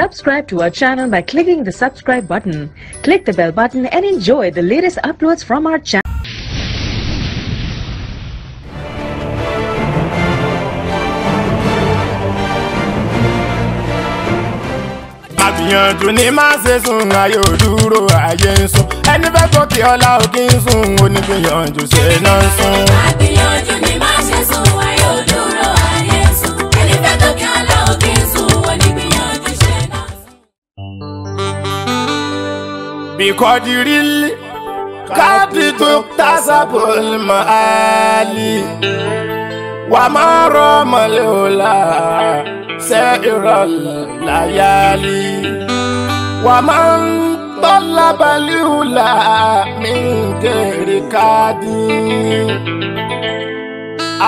Subscribe to our channel by clicking the subscribe button. Click the bell button and enjoy the latest uploads from our channel. ìyànjú ni má ṣe sùn ò dúró ayé ń sùn ẹni fẹ́ gòkè ọlá òkè ń sùn onígbìyànjú ṣe náà ń sùn. àgbìyànjú ni má ṣe ò dúró. بقدر القدر تكتسب المآلي وما رام الأولى سائر الليالي ومن طلب الأولى من غير كادي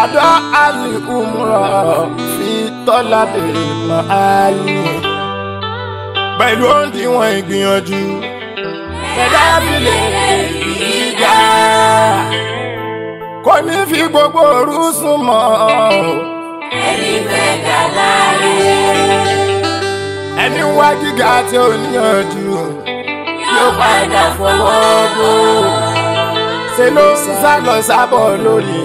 أدعى الأمر في طلب المعالي pẹ̀lú òǹdíwọ̀n ìgbìyànjú ẹ̀dá fi lè rí ga. kò ní fi gbogbo òru sùn mọ́ o ẹni fẹ́ ga láàyè. ẹni wá gíga tí ó níyànjú yóò padà fọwọ́ bò. ṣe ló ń sá lọ sábọ̀ lórí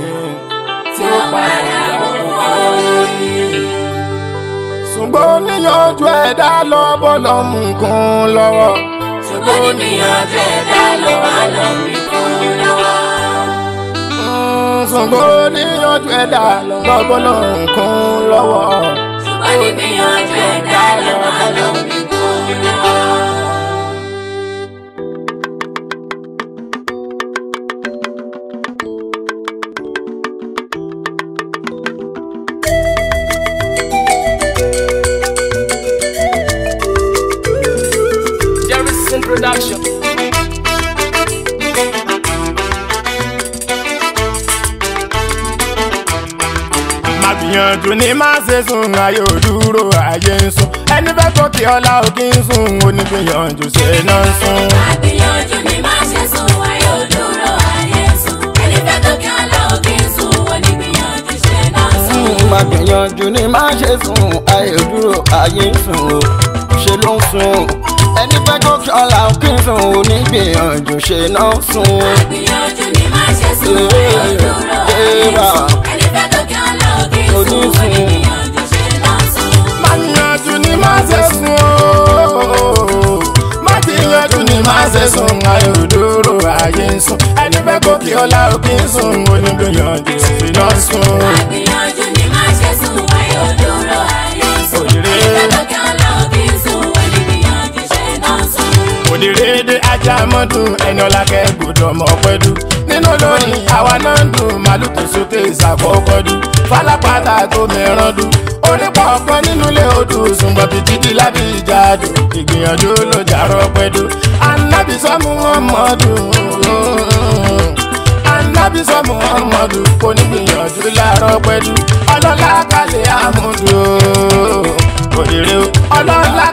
tí ó padà fọwọ́ lórí. ṣùgbọ́n níyànjú ẹ̀dá lọ́bọ̀ lọ́mú lọ́wọ́ ṣùgbọ́n nígbìyànjú ẹ̀dá ló wà lọ́mí kúndà wá. ṣùgbọ́n níyànjú ẹ̀dá lọ́gbọ́n náà ń kún lọ́wọ́. ṣùgbọ́n nígbìyànjú dùn ní má ṣe sùn ayé ò dúró ayé ń sùn ẹni fẹ́ tó kí ọlá ò ń sùn onígbìyànjú ṣe náà ń sùn. àgbìyànjú ni má ṣe sùn ayé ò dúró ayé ń sùn ẹni fẹ́ tó kí ọlá ò ń sùn onígbìyànjú ṣe náà ń sùn. àgbìyànjú ni má ṣe sùn ayé ò dúró ayé ń sùn ṣe ló ń sùn ẹni fẹ́ tó kí ọlá ò kí ń sùn onígbìyànjú ṣe náà ń sùn. àgbìyànjú ni má ṣe sùn ayé ò ayé ń sùn onísùn. Màníyànjú ni máa ṣe sùn ooo. Màtíyànjú ni máa ṣe sùn ayò dúró ayé ń sùn. Ẹni bẹ́ẹ̀ kò kí ọlá òkè ń sùn onígbìyànjú fi lọ sùn. Màtíyànjú ni máa ṣe sùn ayò dúró ayé ń sùn. Ẹni bẹ́ẹ̀ kò kí ọlá òkè ń sùn onígbìyànjú fi lọ sùn. Òdìrẹ́dẹ́ ajá mọ́tò ẹni ọlá kẹ́ gbọ́dọ̀ mọ́ pẹ́dù nínú lónìí àwa náà ń dùn màálù tó sókè ìsàkọ́kọ́dù falápàtà tó mẹ́rán dùn onípa ọ̀pọ̀ nínú ilé odò ṣùgbọ́n bíi títí lábí ìjà dùn ìgbìyànjú ló jàrọ̀ pẹ̀dù anábìsọ́mù ọmọdù anábìsọ́mù ọmọdù kò ní gbìyànjú láàárọ̀ pẹ̀dù ọlọ́lá kalẹ̀ àmúdù òdìrí ọlọ́lá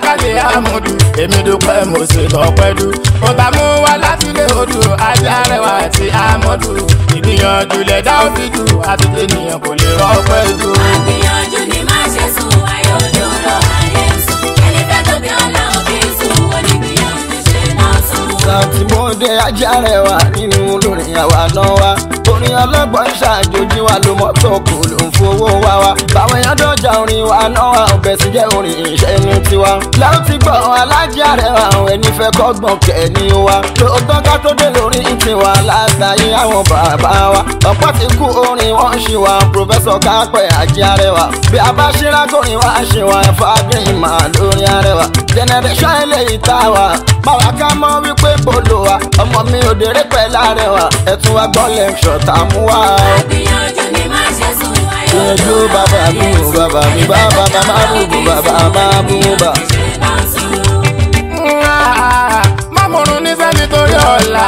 dú èmi dúpẹ́ mo sì tọpẹ́ dú mo bá mú wá láti ilé odò ajá rẹwà àti amọ́dù ìgbìyànjú lẹ̀dá òfin dù àti ènìyàn kò lè rọ́pẹ́ dù. àgbìyànjú ni má ṣe sùn ayọ̀dún lọ ayé sùn ẹni fẹ́ tóbi ọ̀la òbí sùn onígbìyànjú ṣe náà sùn. sàtìmọ́dé ajá rẹwà nínú olórin àwa náà wá orin ọlọ́gbọ́n ṣàjòjì wa ló mọ́tò kò ló ń fowó wá wa báwọn èèyàn dọ́jà orin wa náà wà ọbẹ̀ sì jẹ́ orin iṣẹ́ inú tiwa láwọn ti gbọ́ alájà rẹ̀ àwọn ẹni fẹ́ kọ́gbọ̀n kẹ́ni wa lóòótọ́ ká tó dé lórí tiwa látàyè àwọn bàbá wa ọ̀pọ̀ ti kú orin wọn ṣì wà pòfẹ́sọ̀ kápẹ́ àjẹ́ arẹwà bí a bá ṣe rákòrin wa ṣe wà fàgbìn mà lórí arẹwà generation eléyìí wa ọmọ mi ò àmúwá o. àgbìyànjú ni má ṣe sùn wáyé. ìyànjú bàbá mi ò bàbá mi bàbá màmá mi ò bàbá màmá mi ò bà. má mọ̀rún nífẹ̀ẹ́ nítorí ọ̀la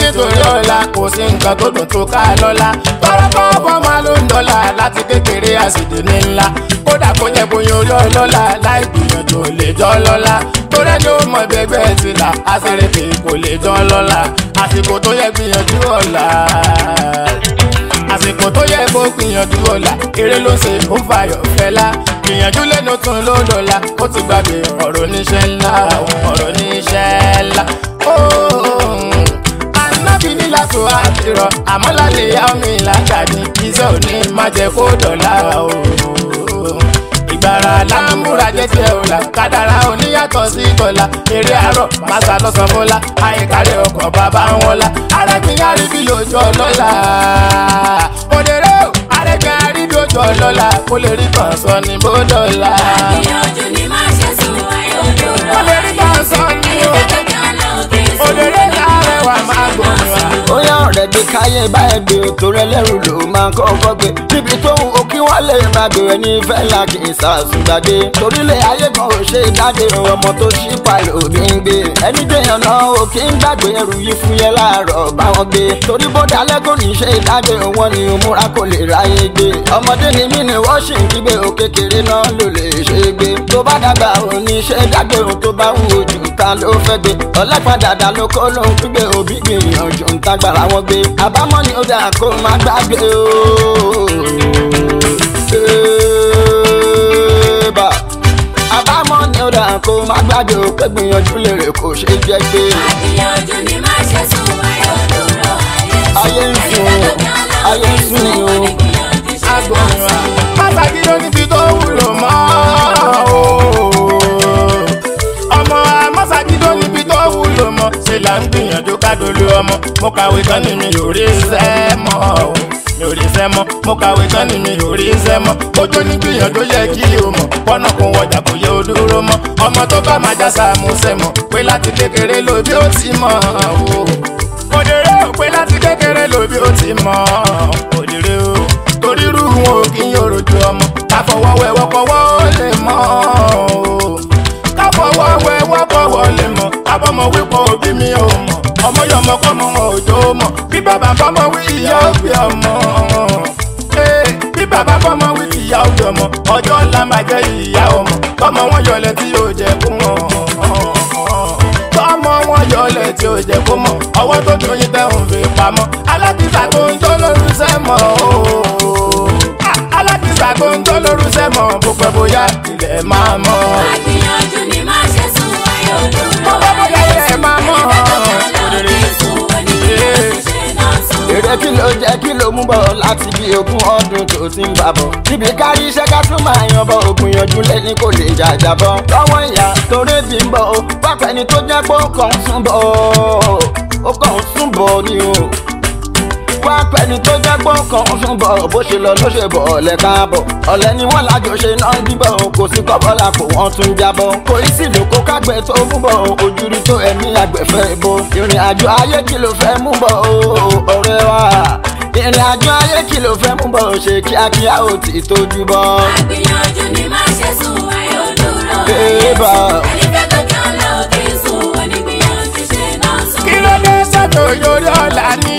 nítorí ọ̀la kò sí nǹkan tó dùn tó ká lọ́la pọ́nrọ́pọ́n fọ́mọ ló ń dọ́là láti kékeré àsìdì ní ńlá kódà kó yẹ bóyá orí ọlọ́la láì gbìyànjú ò lè jọ́ lọ́la torí ni ó mọ bẹgbẹ́ ti là àṣẹrẹ́fì kò lè jọ́ lọ́la àsìkò tó yẹ gbìyànjú ọ̀la àsìkò tó yẹ kó gbìyànjú ọ̀la eré ló ṣe ó fàyọ̀ fẹ́lá gbìyànjú lẹ́nu tún ló dọ̀la ó ti gbàgbé ọ̀rọ̀ oníṣẹ́ ńlá ọ̀rọ̀ oníṣẹ́ ńlá kó àdìrọ̀ àmọ́ lálẹ́ yá mi látàdí iṣẹ́ òní má jẹ́ kó dọ̀la o. ìgbàrà lámúra jẹ́jẹ́ ọ̀la kádàrá oníyàtọ̀ sí tọ̀la eré àárọ̀ màsà lọ́sàn fọlá àyíkárẹ̀ ọkọ̀ bàbá ń wọlá arẹ́gbìyàn rí bí lójú ọlọ́la òdèrè ò arẹ́gbìyàn rí bí lójú ọlọ́la kó lè rí kàn sọ ní bó dọ̀la. àgbìyànjú ni má ṣe sùn ayọ̀ ojú rọ̀ ayé ẹ̀ẹ́dẹ́gbẹ̀rún òdèrè ní arẹwà máa gbọ̀n wá ọ̀rẹ́ bí káyé báyìí bí ètò rẹ lẹ́rù ló máa kọ́kọ́ gbé níbi tó wù ó kí wọ́n lè máa bẹ̀rẹ̀ ní fẹ́lá kì í sàṣùgbàdé torílẹ̀ ayé kan ò ṣe ìdáde ọmọ tó ṣí palẹ̀ òbí ń gbé ẹni dèèyàn náà ò kí ń gbàgbé ẹrù yìí fún yẹn láàárọ̀ báwọn gbé torí bóde alẹ́ kò ní ṣe ìdáde wọn ni òmùra kò lè ráyè gbé ọmọdé ni mí ni wọ́n ṣì ń kígbe òkèkèrè náà ló lè ṣe gbé tó bá dàgbà ò ní ṣe dágbé òun tó bá wù ojú ta ló fẹ́ gbé ọlẹ́pàá dàdà ló kó lóun kígbe òbí gbìyànjú ń tágbára àwọn gbé àbámọ̀ ni ó dà kó má gbàgbé o. àbámọ̀ ni ó dà kó má gbàgbé o pé gbìyànjú lè rè kó ṣe jẹ́ gbé. àgbìyànjú ni má ṣe sùn wáyé olóró ayé sùn ayé sùn ni o. agbọ̀nràn pàtàkì. ń gbìyànjú kádolú ọmọ mo kàwé tán ni mi ò rí iṣẹ́ mọ́ o mi ò rí iṣẹ́ mọ́ mo kàwé tán ni mi ò rí iṣẹ́ mọ́ ojú ní gbìyànjú yẹ kí o mọ̀ pọ́nà kún wọjà kò yẹ o dúró mọ́ ọmọ tó bá máa já sàmúṣẹ́ mọ̀ pé láti kékeré ló bí ó ti mọ̀ o òdèrè ò pé láti kékeré ló bí ó ti mọ̀ òdèrè o torí rú wọn ò kí n yòrò ju ọmọ káfọwọ́wẹ́ wọ́pọ̀ wọ́n lè mọ̀ o. bàbá mọ wí ìyá òbí ọmọ eh, bí bàbá fọmọ wí ti ìyá òbí ọmọ ọjọ́ ńlá máa jẹ́ ìyá ọmọ tọmọ wọn yọlẹ̀ tí yóò jẹ kú wọn tọmọ wọn yọlẹ̀ tí yóò jẹ kú mọ ọwọ́ tó dùn yín tẹ̀hún fi pamọ́ alákìsà tó ń jó lórí sẹ́mọ̀ ooo ah, alákìsà tó ń jó lórí sẹ́mọ̀ bó pẹ́ bóyá ilẹ̀ máa mọ́. àgbìyànjú ni má ṣe sùn wáyé olóró. bó pẹ́ bóyá ilẹ̀ máa mọ́. jẹ́ kí ló jẹ́ kí ló mú bọ̀ láti bí ogún ọdún tó ti ń bà bọ̀. Ibi kárí iṣẹ́ ká tún máa yan bọ̀ ògùn yanjú lẹ́ni kò lè jàjà bọ̀. Lọ́wọ́ ìyá torí bí ń bọ̀ o, pápẹ́ni tó jẹ́ pé ó kàn ń sún bọ̀ o, ó kàn ń sún bọ̀ ni o wá pẹ̀lú tó jẹ́ gbọ́n kan ń sún bọ̀ bó ṣe lọ ló ṣe bọ̀ ọ̀lẹ́ káàbọ̀ ọ̀lẹ́ ni wọ́n lájọṣe náà díbọ̀ kò sí kọ́bọ́lá kò wọ́n tún jábọ̀ kò í sì lóko kágbẹ́ tó mú bọ̀ ojúrí tó ẹ̀mí àgbẹ̀fẹ́ bo ìrìn àjò ayé kí ló fẹ́ mú bọ̀ ọ̀rẹ́ wa ìrìn àjò ayé kí ló fẹ́ mú bọ̀ ṣe kíákíá ò tí tójú bọ̀. àgbìyànjú ni má ṣe sùn ayọ̀ dúró. tó lórí ọ̀la ní.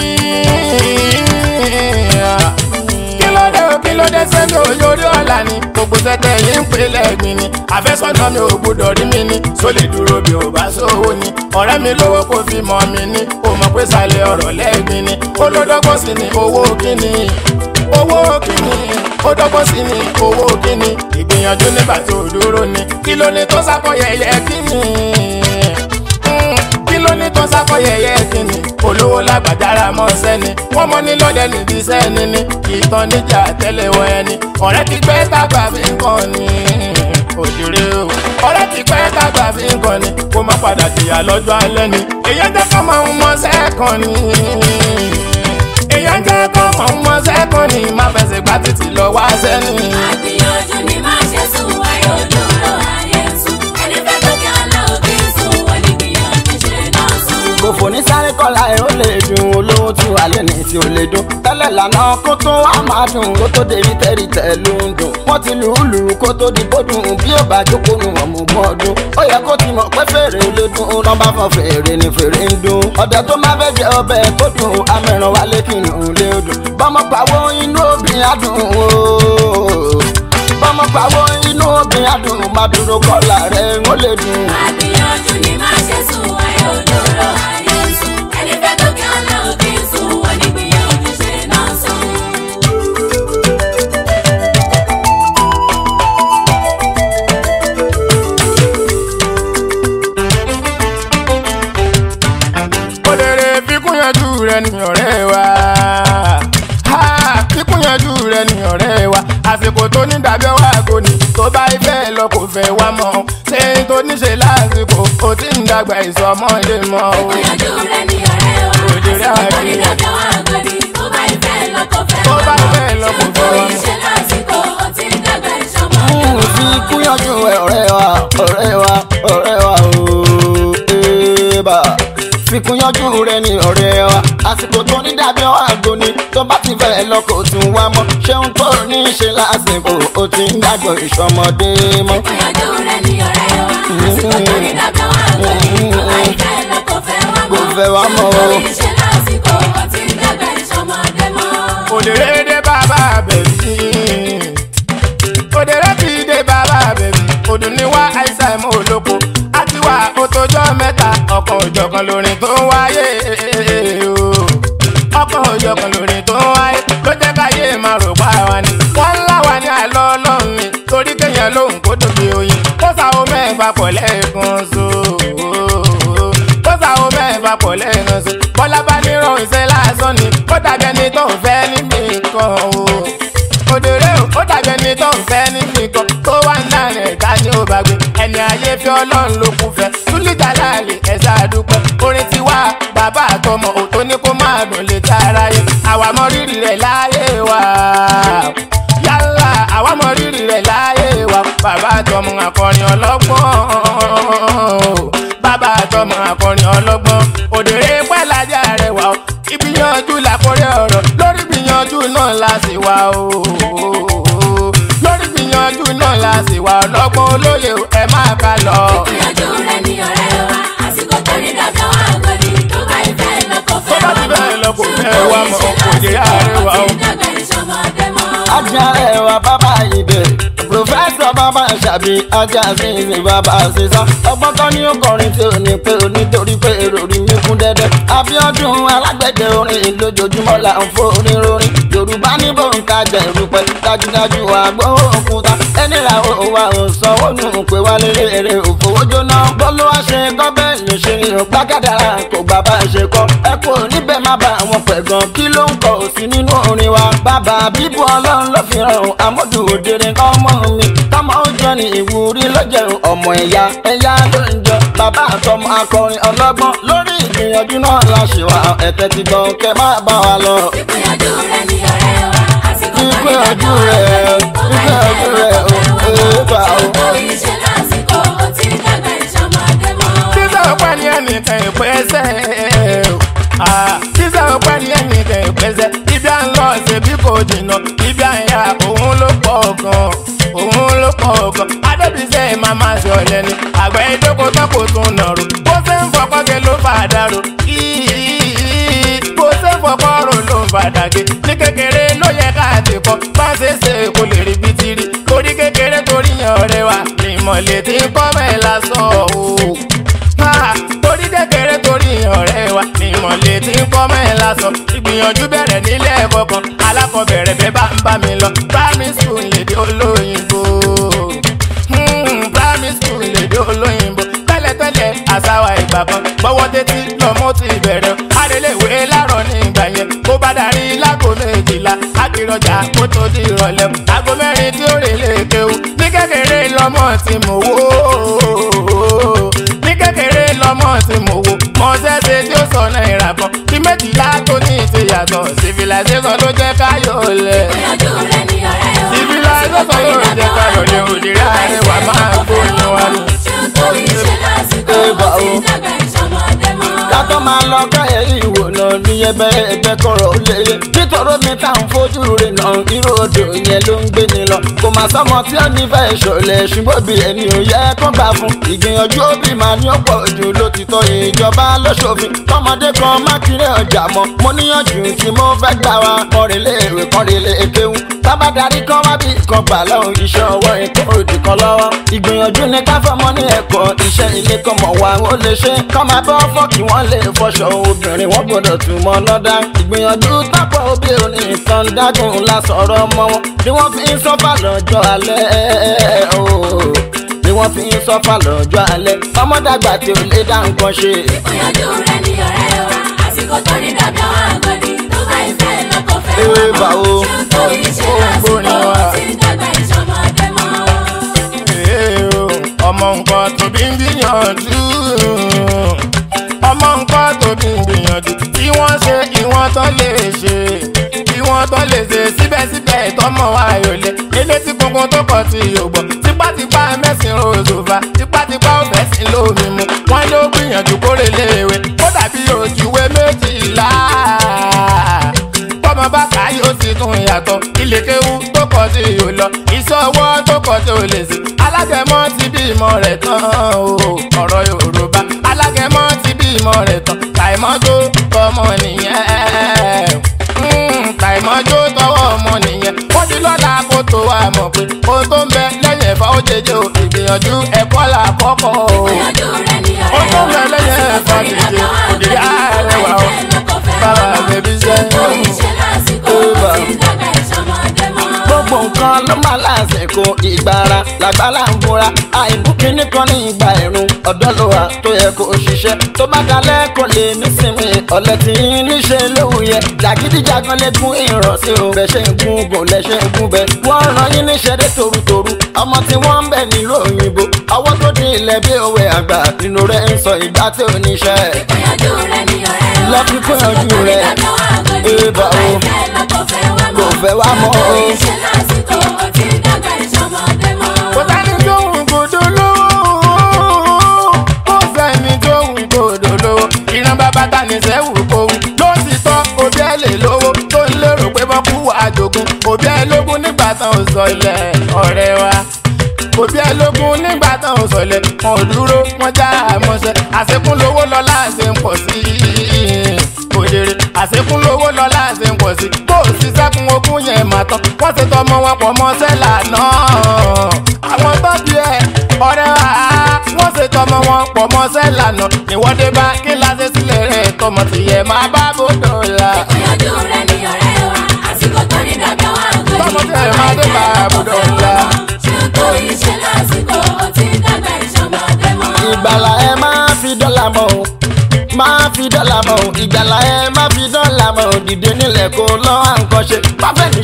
kí ló dé kí ló dé sẹ́ńdọ̀ lórí ọ̀la ní. gbogbo tẹ́tẹ́ yìí ń pèlè ẹ̀gbìn ni. àfẹ́sọ́nà mi ò gbúdọ̀ rí mi ni. sólè dúró bí ò bá sówó ni. ọ̀rẹ́ mi lówó kó fi mọ̀ mi ni. ó mọ̀ pé sàlẹ̀ ọ̀rọ̀ lẹ́gbìn ni. olódọ́gbọ́n sì ni owó kíni owó kíni ó dọ́gbọ́n sí ni owó kíni ìgbìyànjú nígbà tó dúró ni kí ló ní tó sákọ yẹyẹ kíni hmm, kí ló ní tó sákọ yẹyẹ olówó lágbàjára mọ́ sẹ́ni wọ́n mọ́ ní lọ́dẹ nídìí sẹ́ni ni ìtàn níjà àtẹ́lẹwọ́ ẹni ọ̀rẹ́ ti pẹ́ tábà fi ń kàn ní òjòrè o ọ̀rẹ́ ti pẹ́ tábà fi ń kàn ní kó má padà jìyà lọ́jọ́ alẹ́ ni èyí ń jẹ́ máa ń mọ́ sẹ́kàn ni èyí ń jẹ́ máa ń mọ́ sẹ́kàn ni má fẹsẹ̀ gbá títì lọ wá sẹ́ni. àgbìyànjú ni má ṣe sùn wáyé olóró òfò ní sáré kọ́lá ẹ̀ ó lè dùn olówó tún wà lẹ́ni tí ó lè dùn tẹ́lẹ̀ lànà kó tó wá kó tó débi tẹ́rì tẹ́ ń dùn wọ́n ti lù ú lù ú kó tó di bódùn bí ó bá jókòó nu ọmọ ògbọ́n ọdún ó yẹ kó ti mọ̀ pé fèrè ló dùn ún lọ́ba fọ fèrè ni fèrè ń dùn ọ̀dẹ̀ tó má fẹ́ jẹ ọbẹ̀ tó dùn amẹ́ràn wálé kìnnìún lé dùn bọ́mọ pàwọ́ inú obìnrin á dùn ó fọmọpawọ inú obìnrin adùnrùn máa dúró kọlà rẹ ń ó lè dùn. àgbìyànjú ni máa ṣe sùn ayé olóró ayé sùn ẹni fẹ́ tó kí ọlá òkè sùn wọ́n ní gbìyànjú ṣe náà sùn. òdèrè fíkúnyanjú rẹ ni ọ̀rẹ́ wa fíkúnyanjú rẹ ni ọ̀rẹ́ wa àsìkò tó ní dàbí ọwọ́ àgò ni tó bá ifẹ̀ lọ kò fẹ́ wá mọ́ ṣé n tó ní ṣe lásìkò ó ti ń dàgbà ìsọmọdé mọ́ o. ìgbìyànjú rẹ ni ọ̀rẹ́ wa àsìkò tó ní dàbí ọwọ́ àgò ni tó bá ifẹ̀ lọ kò fẹ́ wá mọ́ ṣé n tó ní ṣe lásìkò ó ti ń dàgbà ìsọmọdé mọ́. fún ìkúyànjú ọ̀rẹ́ wa ọ̀rẹ́ wa. ìkúnyọ́jú rẹ ni ọ̀rẹ́ wa àsìkò tó ní dàbí àgbo ni tó bá ti fẹ́ lọ kò tún wá mọ́ ṣéun tó ní ṣe lásìkò ó ti ń dàgbọ́ ìṣọmọdé mọ́. ìkúnyọ́jú rẹ ni ọ̀rẹ́ wa àsìkò tó ní dàbí àgbo ni tó bá ti fẹ́ lọ kò fẹ́ wá mọ́ fẹ́ wá mọ́ o. òdèrè dé bàbá bẹ̀bí òdèrè ti dé bàbá bẹ̀bí òdùnníwá àìsàn mọ́ òjọ̀kan lórin tó wáyé o ọkàn òjọ̀kan lórin tó wáyé ló jẹ́ káyé máa rò pa wa ni wọ́n láwa ní àlọ́ ọlọ́run ni torí kéèyàn lòun kó tóbi oyin kó sàwọ́ mẹ́fà pọ̀ lẹ́ẹ̀kan so kó sàwọ́ mẹ́fà pọ̀ lẹ́ẹ̀kan so bọ́lá bá ní ràn iṣẹ́ lásán ni ó dàbí ẹni tó ń fẹ́ níbi nǹkan o òdèrè o ó dàbí ẹni tó ń fẹ́ níbi nǹkan tó wà ní àrẹ̀ ká ní ò bá gbé ẹni ayé fi ọlọ́run ló kú fẹ́ fọmọ òtó ní kó máa dùn létí aráyé àwa mọ rírì rẹ̀ láyé wa yálà àwa mọ rírì rẹ̀ láyé wa bàbá àtọmọ akọrin ọlọ́gbọ́n bàbá àtọmọ akọrin ọlọ́gbọ́n òdèrè pàlàjà rẹ̀ wà ó ìgbìyànjú làkórè ọ̀rọ̀ lórí ìgbìyànjú náà la sì wà ó lórí ìgbìyànjú náà la sì wà ọlọ́gbọ́n olóye ẹ má bá lọ. ìgbìyànjú rẹ ni ọ̀rẹ́ o. ajá ẹwà bàbá ìbẹ̀ pòfẹ́sọ̀ bàbá ṣàbí ajá sísìn bàbá sísá ọgbọ́n kan ní ọkọrin tí ò ní pé o nítorí pé èrò rí mi kún dẹ́dẹ́ Abíọ́dún alágbẹ̀dẹ orin lójoojúmọ́ là ń forin rorin Yorùbá ní bòǹkà jẹ̀rù pẹ̀lú dájúdájú àgbọ̀ òkúta ẹni ra òwa òsọwọ́ nù pé wá lé èrè òfowó jóná bọ́lú àṣẹ kọ́ bẹ́ẹ̀ ní ṣe ìrùn gbàgádà kò bàbá ṣe kọ́ ẹ kò níbẹ̀ má bá àwọn pẹ̀gàn kí ló ń kọ òsì nínú orin wa. bàbá bíbu ọlọ́run ló fi hàn amódù òdèrè ọmọ mi tọmọ ó jọ ní ìwúrí lọ́jọ́ ọmọ ẹ̀yà ẹ̀yà ló ń jọ. bàbá àtọmọ akọrin ọlọ́gbọ́n lórí ìgbìyànjú náà la ṣe wá ẹ̀tẹ́ ti gbọ́n kẹ́ má bá wa lọ. ìgbìyànjú rẹ ni ọ̀rẹ́ wa àsìkò ìgbìyànjú rẹ ìgbìyànjú rẹ ó bá o. ẹni tẹ̀ pẹ́sẹ̀ sísẹ ọpẹ ní ẹ̀yìn kẹ ìpẹsẹ ibi à ń lọ ṣe bí kò jìnnà ibi à ń yà òun ló pọ̀ gan òun ló pọ̀ gan adébísẹ màmá ṣọlẹ ni àgbẹ ìdókòó tán kò tún nàró bó ṣe ń fọkọkẹ ló fà dárò bó ṣe ń fọkọrò ló ń fàdàgé ní kékeré ló yẹ ká ti kọ bá ṣe ṣe kò lè rí bí ti rí torí kékeré torí yan ọ̀rẹ́ wa ìmọ̀lẹ̀ ti kọ́ bẹ́ẹ̀ lásán o torí kékeré torí yan ọ̀rẹ́ wa lè ti ń kọ́ mẹ́rin lásán ìgbìyànjú bẹ̀rẹ̀ nílé ẹ̀kọ́ kan alákọ̀ọ́bẹ̀rẹ̀ bẹ́ẹ̀ bá ń bá mi lọ primary school lèdè olóyìnbó hmm, primary school lèdè olóyìnbó tẹ́lẹ̀tẹ́lẹ̀ àsáwà ìgbà kan gbọ́wọ́ tẹ́tí lọ́mọ́ ti bẹ̀rẹ̀ adéléwé láàárọ̀ ní ìgbà yẹn kó bá darí lágbo méjìlá akéròjà kó tó di ìrọ̀lẹ́ àgọ́ mẹ́rin tí ó rè lè kéwu ní kékeré lọ́mọ́ ti mọ̀ wó. àbọ̀ símẹ́ǹtì látó ní ìṣe yàtọ̀ civilization ló jẹ́ káyọ̀ lẹ̀. ìyànjú rẹ̀ ni ọ̀rẹ́ o. civilization ló jẹ́ káyọ̀ lẹ̀ òdìrí àárẹ̀ wà máa gbóyún wa. ṣùgbọ́n ìṣẹ̀lẹ̀ àsìkò ọ̀sìn dàgbà ìṣọ̀mọ́dé mọ́. ká tó máa lọ ká ní ẹbẹ ẹbẹ kọ̀rọ̀ ó lé mi tá à ń fojú rẹ̀ náà irú odò yẹn ló ń gbé ni lọ kò má sọmọ tí ó nífẹ̀ẹ́ ìṣòlẹ̀ ṣùgbọ́n bí ẹni ò yẹ kán gbà fún ìgbìyànjú òbí màá ní ọ̀pọ̀ jù ló ti tọ́ ìjọba lọ́sọ̀fin tọmọdé kan má kiri ọjà mọ́ mo níyànjú tí mo fẹ́ gbà wá kọrìléèwé kọrìléèkéwù tábàdarí kan wá bí kan gbà lọ́hùn iṣẹ́ ọwọ́ ẹ̀kọ́ òdì kan lọ́wọ́ ìgbìyànjú ni ká fọmọ ní ẹ̀kọ́ iṣẹ́ ilé kan mọ̀ wá ó lè ṣe kọ́ máa bọ́ fọ́ kí wọ́n lè fọṣọ obìnrin wọ́n gbọ́dọ̀ ìtumọ̀ lọ́dá ìgbìyànjú tápọ̀ òbí òní ìsọ̀ndágùn la sọ̀rọ̀ mọ́ wọn bí wọ́n fi ń sọ́fà lọ́jọ́ alẹ́ ooo bí wọ́n fi ń sọ́fà lọ́jọ́ alẹ́ ọmọdàgbà tí ò lè dá nǹkan ṣe. ìgbìyànjú rẹ ni ọ̀rẹ́ wa àsìkò tó ní dandan àgọ́dì tó bá ìfẹ́ lọ́kọ̀ fẹ́ wọn. ewé bá o ó ń gbóná wa. ọmọ nǹkan tó bí ń gbìyànjú ọmọ nǹkan tóbi gbìyànjú tí wọ́n ṣe ìwọ̀n tán lè ṣe ìwọ̀n tán lè ṣe síbẹ̀síbẹ̀ ìtọ́mọ̀ ayọ̀lẹ̀ ilé tí gbogbo tó kọ̀ tí yògbọ̀ tipátipá mẹ́sìn ròzòfà tipátipá òfẹ́sìn lómi mu wọ́n ló gbìyànjú kórè léèwé kó dàbí òjìwé méjìlá tọmọ bá kà yóò sì tún yàtọ̀ ilé kéwú tó kọ̀ tí yòó lọ ìṣọwọ́ tó kọ̀ tí ò lè sè alágẹmọ ti bímọ rẹ̀ tán o ọ̀rọ̀ Yorùbá alágẹmọ ti bímọ rẹ̀ tàìmọ́jó tọmọ nìyẹn tàìmọ́jó tọwọ́ ọmọ nìyẹn wọ́n ti lọ́la kó tó wà mọ̀ pé ohun tó ń bẹ lẹ́yìn ẹ̀fà ó jẹjẹ o ìgbìyànjú ẹ̀kọ́ là kọ́kọ́ o ohun tó ń bẹ lẹ́yìn ẹ̀fà jẹjẹ òdìrí àrẹwà o bàbá bẹbí sẹ́ gbogbo nǹkan ló máa láṣẹ kó ìgbára làgbà láǹbùra àìbùkún nìkan ní ìgbà ẹ̀rùn ọ̀dọ́ ló wà tó yẹ kó ṣiṣẹ́ tó bá dalẹ̀ kò lè nísinmi ọ̀lẹ tí ń níṣe lówù yẹ jàgídíjàgan lẹ́gùn ìrọ̀sí o bẹ́ẹ̀ ṣe ń gun gùn lẹ́ṣẹ̀ ń gun bẹ́ẹ̀ wọ́n rán yín níṣẹ́ dé torutoru ọmọ tí wọ́n ń bẹ̀ nílò òyìnbó ọwọ́ tó dín ilẹ̀ bí òwe àgbà inú rẹ̀ ń sọ ìgbà tí ò níṣẹ́. ìpínyànjú rẹ rẹ èèbà o kò fẹ́ wá mọ́ o. agbaniṣẹ́wù kòwù ló ń sitọ́ òbí ẹ̀ lè lówó tó ń lérò pé wọ́n kú àjogún òbí ẹ̀ lógún nígbà tán ò sọ ilẹ̀ ọ̀rẹ́ wa òbí ẹ̀ lógún nígbà tán ò sọ ilẹ̀ wọn ò dúró wọn já àmọ́ṣẹ́ àṣekún lówó lọ́lá ṣe ń pọ̀ sí òdèrè àṣekún lówó lọ́lá ṣe ń pọ̀ sí kó o sì sẹ́kun ogún yẹn mà tán wọ́n ti tọmọ wọn pọ̀ mọ́ sẹ́là náà ọ̀rẹ́ wa wọ́n ti tọmọ wọn pọ̀ mọ́ sẹ́là ìwọ́de bá kọ́mọ ti yẹ máa bá bó dọ̀la. ìkúnyànjú rẹ ni ọ̀rẹ́ wa àsìkò tó ní dàgbà wà ó tó yìí. tọ́mọ ti yẹ máa dé bá bó dọ̀la. ṣùgbọ́n ẹ máa fi dọ́là mọ́ o máa fi dọ́là mọ́ o ìgbàlá ẹ máa fi dọ́là mọ́ o dìde nílẹ̀ kó lọ́ à ń kọ́ ṣe. bá fẹ́ mi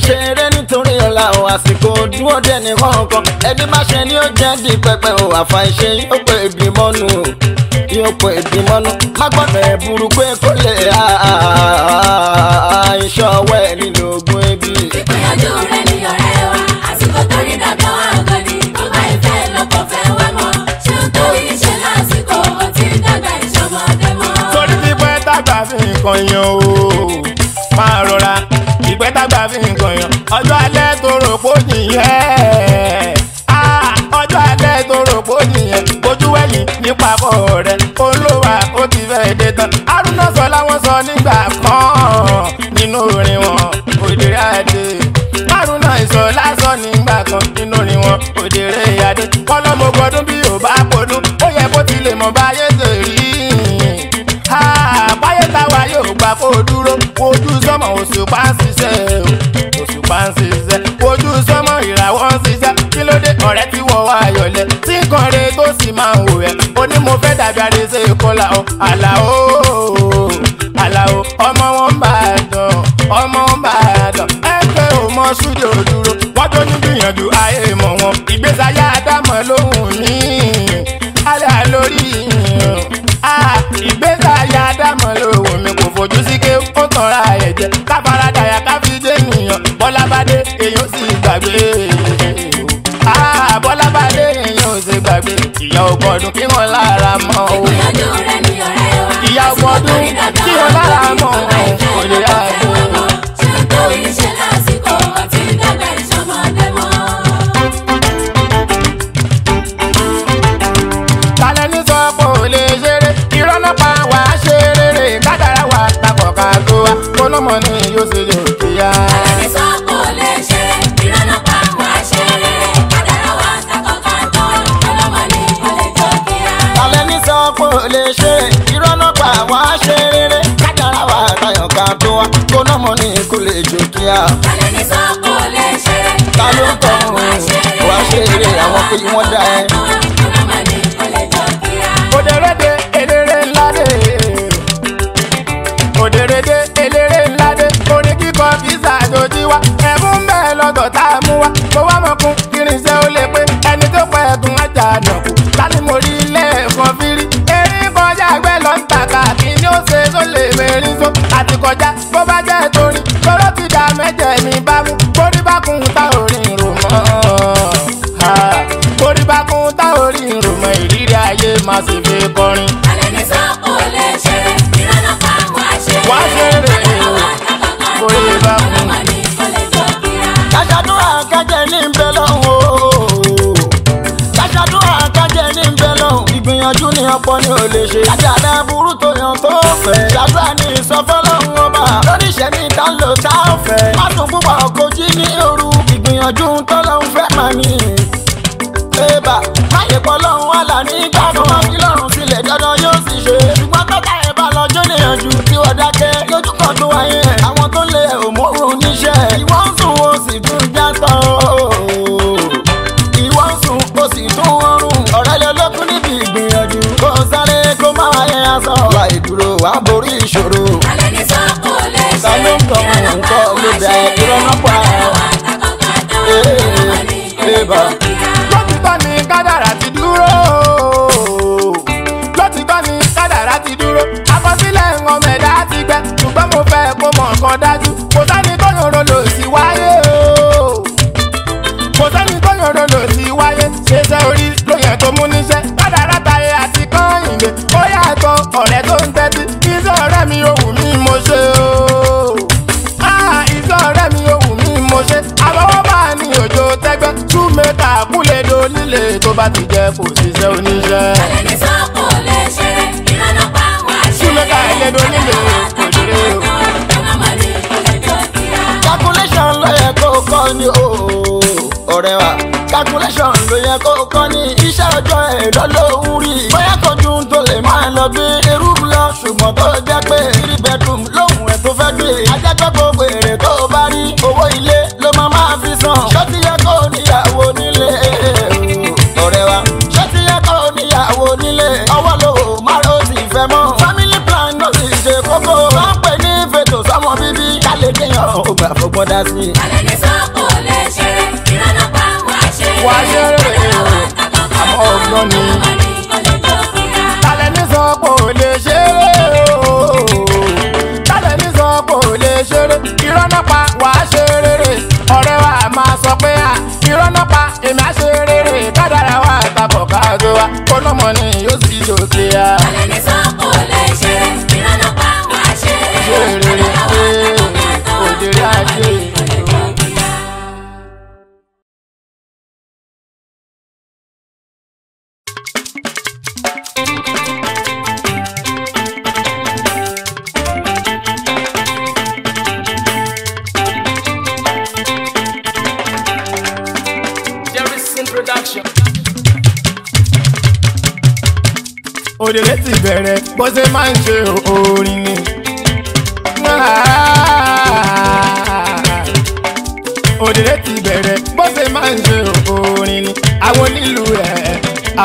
àsìkò dúró dé ní kọ̀ọ̀kan ẹni má ṣe ni ó jẹ́ di pẹpẹ o àfa ìṣe yóò pé ìgbìmọ̀ nù yóò pé ìgbìmọ̀ nù má gbọ́dọ̀ ẹ̀ burú pé kó lè iṣẹ́ ọwọ́ ẹ̀ nínú ogun ebi. ìpínyànjú rẹ ni ọ̀rẹ́ wa àsìkò tó ní dàgbà wa ọ̀gọ́ ni tó bá ìfẹ́ lọ́kọ̀ fẹ́ wá mọ́ ṣé ó tó iṣẹ́ lásìkò ó ti dàgbà ìṣọmọdé mọ́. you want that. kan that. ó gbọ́dá sí i. alẹ́ sọ́kò lè ṣeré ìrànlọ́pàá wá ṣeré. wá ṣeré àmọ́ ọgbọ́n ni. òde létí bẹ̀rẹ̀ bó ṣe máa ń ṣe orin ni. òde ah. létí bẹ̀rẹ̀ bó ṣe máa ń ṣe orin ni. àwọn onílù ẹ̀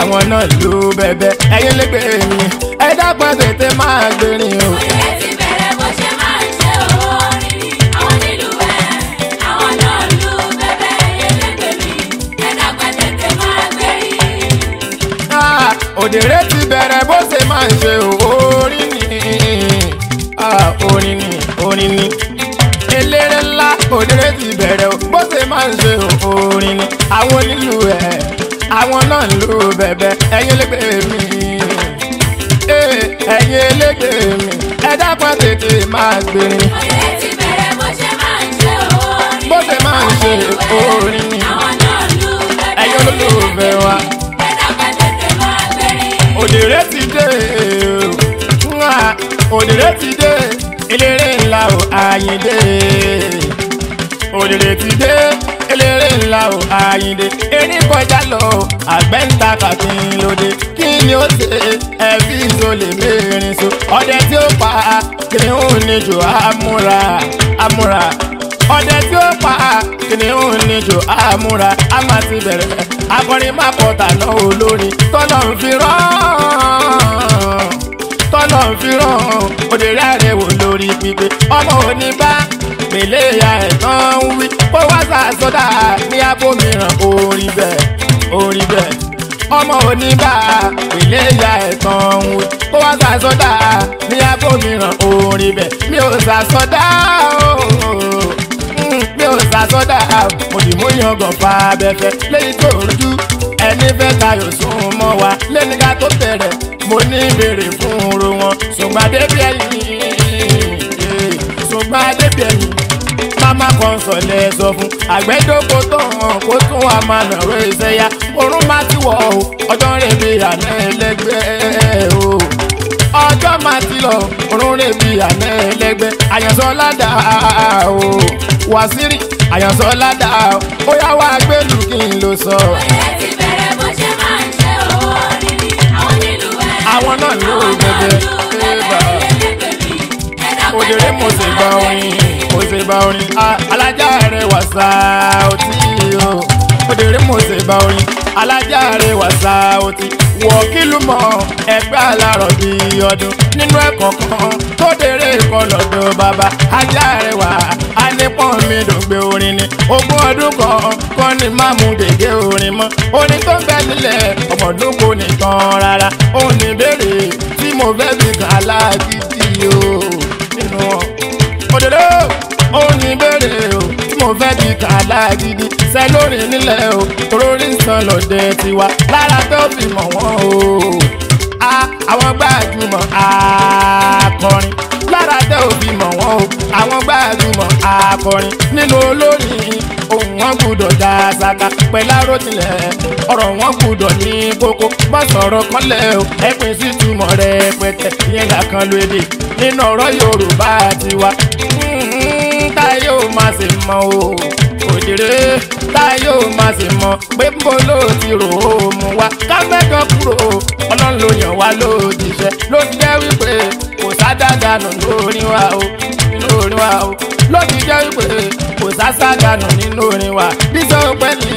àwọn náà lù bẹ̀bẹ̀ ẹ̀yin lè gbé mi ẹ dápọ̀ tètè máa gbé o. òde létí bẹ̀rẹ̀ bó ṣe máa ń ṣe ni. àwọn onílù ẹ̀ àwọn náà lù bẹ̀bẹ̀ ẹ̀yin lè gbé mi ẹ dápọ̀ tètè máa gbé máa ń ṣe orí ni orí ni orí ni eléré ńlá òdèrè ti bẹ̀rẹ̀ bó ṣe máa ń ṣe orí ni àwọn onílù ẹ̀ àwọn náà ń lu bẹ̀bẹ̀ ẹ̀yin elégbè mi ẹ̀yin elégbè mi ẹ dápọ̀ tètè máa gbèrè. òdèrè ti bẹ̀rẹ̀ bó ṣe máa ń ṣe orí ni bó ṣe máa ń ṣe orí òdèrè ti dé òdèrè ti dé eléré ńlá o àyìndé òdèrè ti dé eléré ńlá o àyìndé erin kọjá lọ àgbẹ̀ ń ta kàfin lóde kí ni ó ṣe ẹbí tó lè mérin so ọdẹ tí ó pa kìnìún ní jù àmúra àmúra ọdẹ tí ó pa kìnìún ní jù àmúra a máa ti bẹ̀rẹ̀ akọrin má kọ tàná olórin tọ́lọ̀ ń fi rán tọ́lọ̀ ń fi rán òdèrè àrẹwò lórí pípé ọmọ òní bá mèlè ìyá ẹ̀ tán ń wí kó wá sàsọdà ní abómìíràn orí bẹ́ẹ̀ orí bẹ́ẹ̀ ọmọ òní bá mèlè ìyá ẹ̀ tán ń wí kó wá sàsọdà ní abómìíràn orí bẹ́ẹ̀ mi ò sàsọdà ooo ta sọ́dà òdìmúyàn gànfà abẹ́fẹ́ lẹ́yìn tó ń dú ẹni fẹ́ tayọ̀ sún mọ́ wa lẹ́ni ká tó bẹ̀rẹ̀ mo ní ìbéèrè fún oró wọn ṣùgbọ́n adébí ẹ̀yìn ṣùgbọ́n eh, adébí ẹ̀yìn mama kọ́ńsọ̀lẹ̀ sọ fún àgbẹ̀dọ́kọ̀ tó hàn kó tún wà máa nà ró iṣẹ́ yá orún má ti wọ̀ o ọjọ́ rẹ̀ bí àná ẹlẹ́gbẹ́ o ọjọ́ má ti lọ orún rẹ̀ bí àná ẹlẹ́gbẹ́ àyànṣọ́ ládàá o wàsírí àyànsọ́ ládà ó yá wá gbẹ́lú kí n lọ sọ. ọ̀rẹ́ ti bẹ̀rẹ̀ bó ṣe máa ń ṣe owó níbi àwọn nílùú ẹ̀. àwọn náà ló gbẹgbẹ ẹgbà òjòrè mo ṣe bá orin mo ṣe bá orin alájà rẹ wà sáà ó tí o òjòrè mo ṣe bá orin alájàre wàsá òtí wọ́kìlù mọ́ ẹgbẹ́ alárọ̀ bí ọdún nínú ẹ̀kọ́ kan tó dèrè ìkọlọ́dọ̀ bàbá ajáre wa á nípọ̀n mi dògbé orin ni ogún ọdún kan kọ́ ni má mú gègé orin mọ́ orin tó ń bẹ nílẹ̀ ọmọdún kò ní tán rárá òun ní ìbéèrè tí mo fẹ́ fi kàn aláàgídí o nínú wọn òdòdó òun ní ìbéèrè o tí mo fẹ́ fi kàn aláàgídí ṣe lórí nílẹ̀ o torórí sàn lọ́dẹ tiwa lára tó fi mọ̀ wọ́n o àwọn gbajúmọ̀ akọrin lára tó fi mọ̀ wọ́n o àwọn gbajúmọ̀ akọrin nínú olórin ohùn wọn gbúdọ̀ já saka pẹ̀lú arótilẹ̀ ọ̀rọ̀ wọn gbúdọ̀ ní kókó bá sọ̀rọ̀ kọ́lẹ̀ o ẹ̀pìn sí túmọ̀ rẹ̀ pẹ̀tẹ̀ ìyẹn làkàn lóde nínú ọ̀rọ̀ Yorùbá tiwa táyọ̀ má sì mọ̀ o òjèrè táyọ̀ má sì mọ̀ pé mo ló ti rò ó mu wá ká mẹ́jọ kúrò ọlọ́run ló yàn wá lójíṣẹ́ ló jẹ́ wípé kò sádàgànù lórí wa o lórí wa o ló ti jẹ́ wípé kò sásàgànù nínú orin wa bísọ̀ pẹ́ ni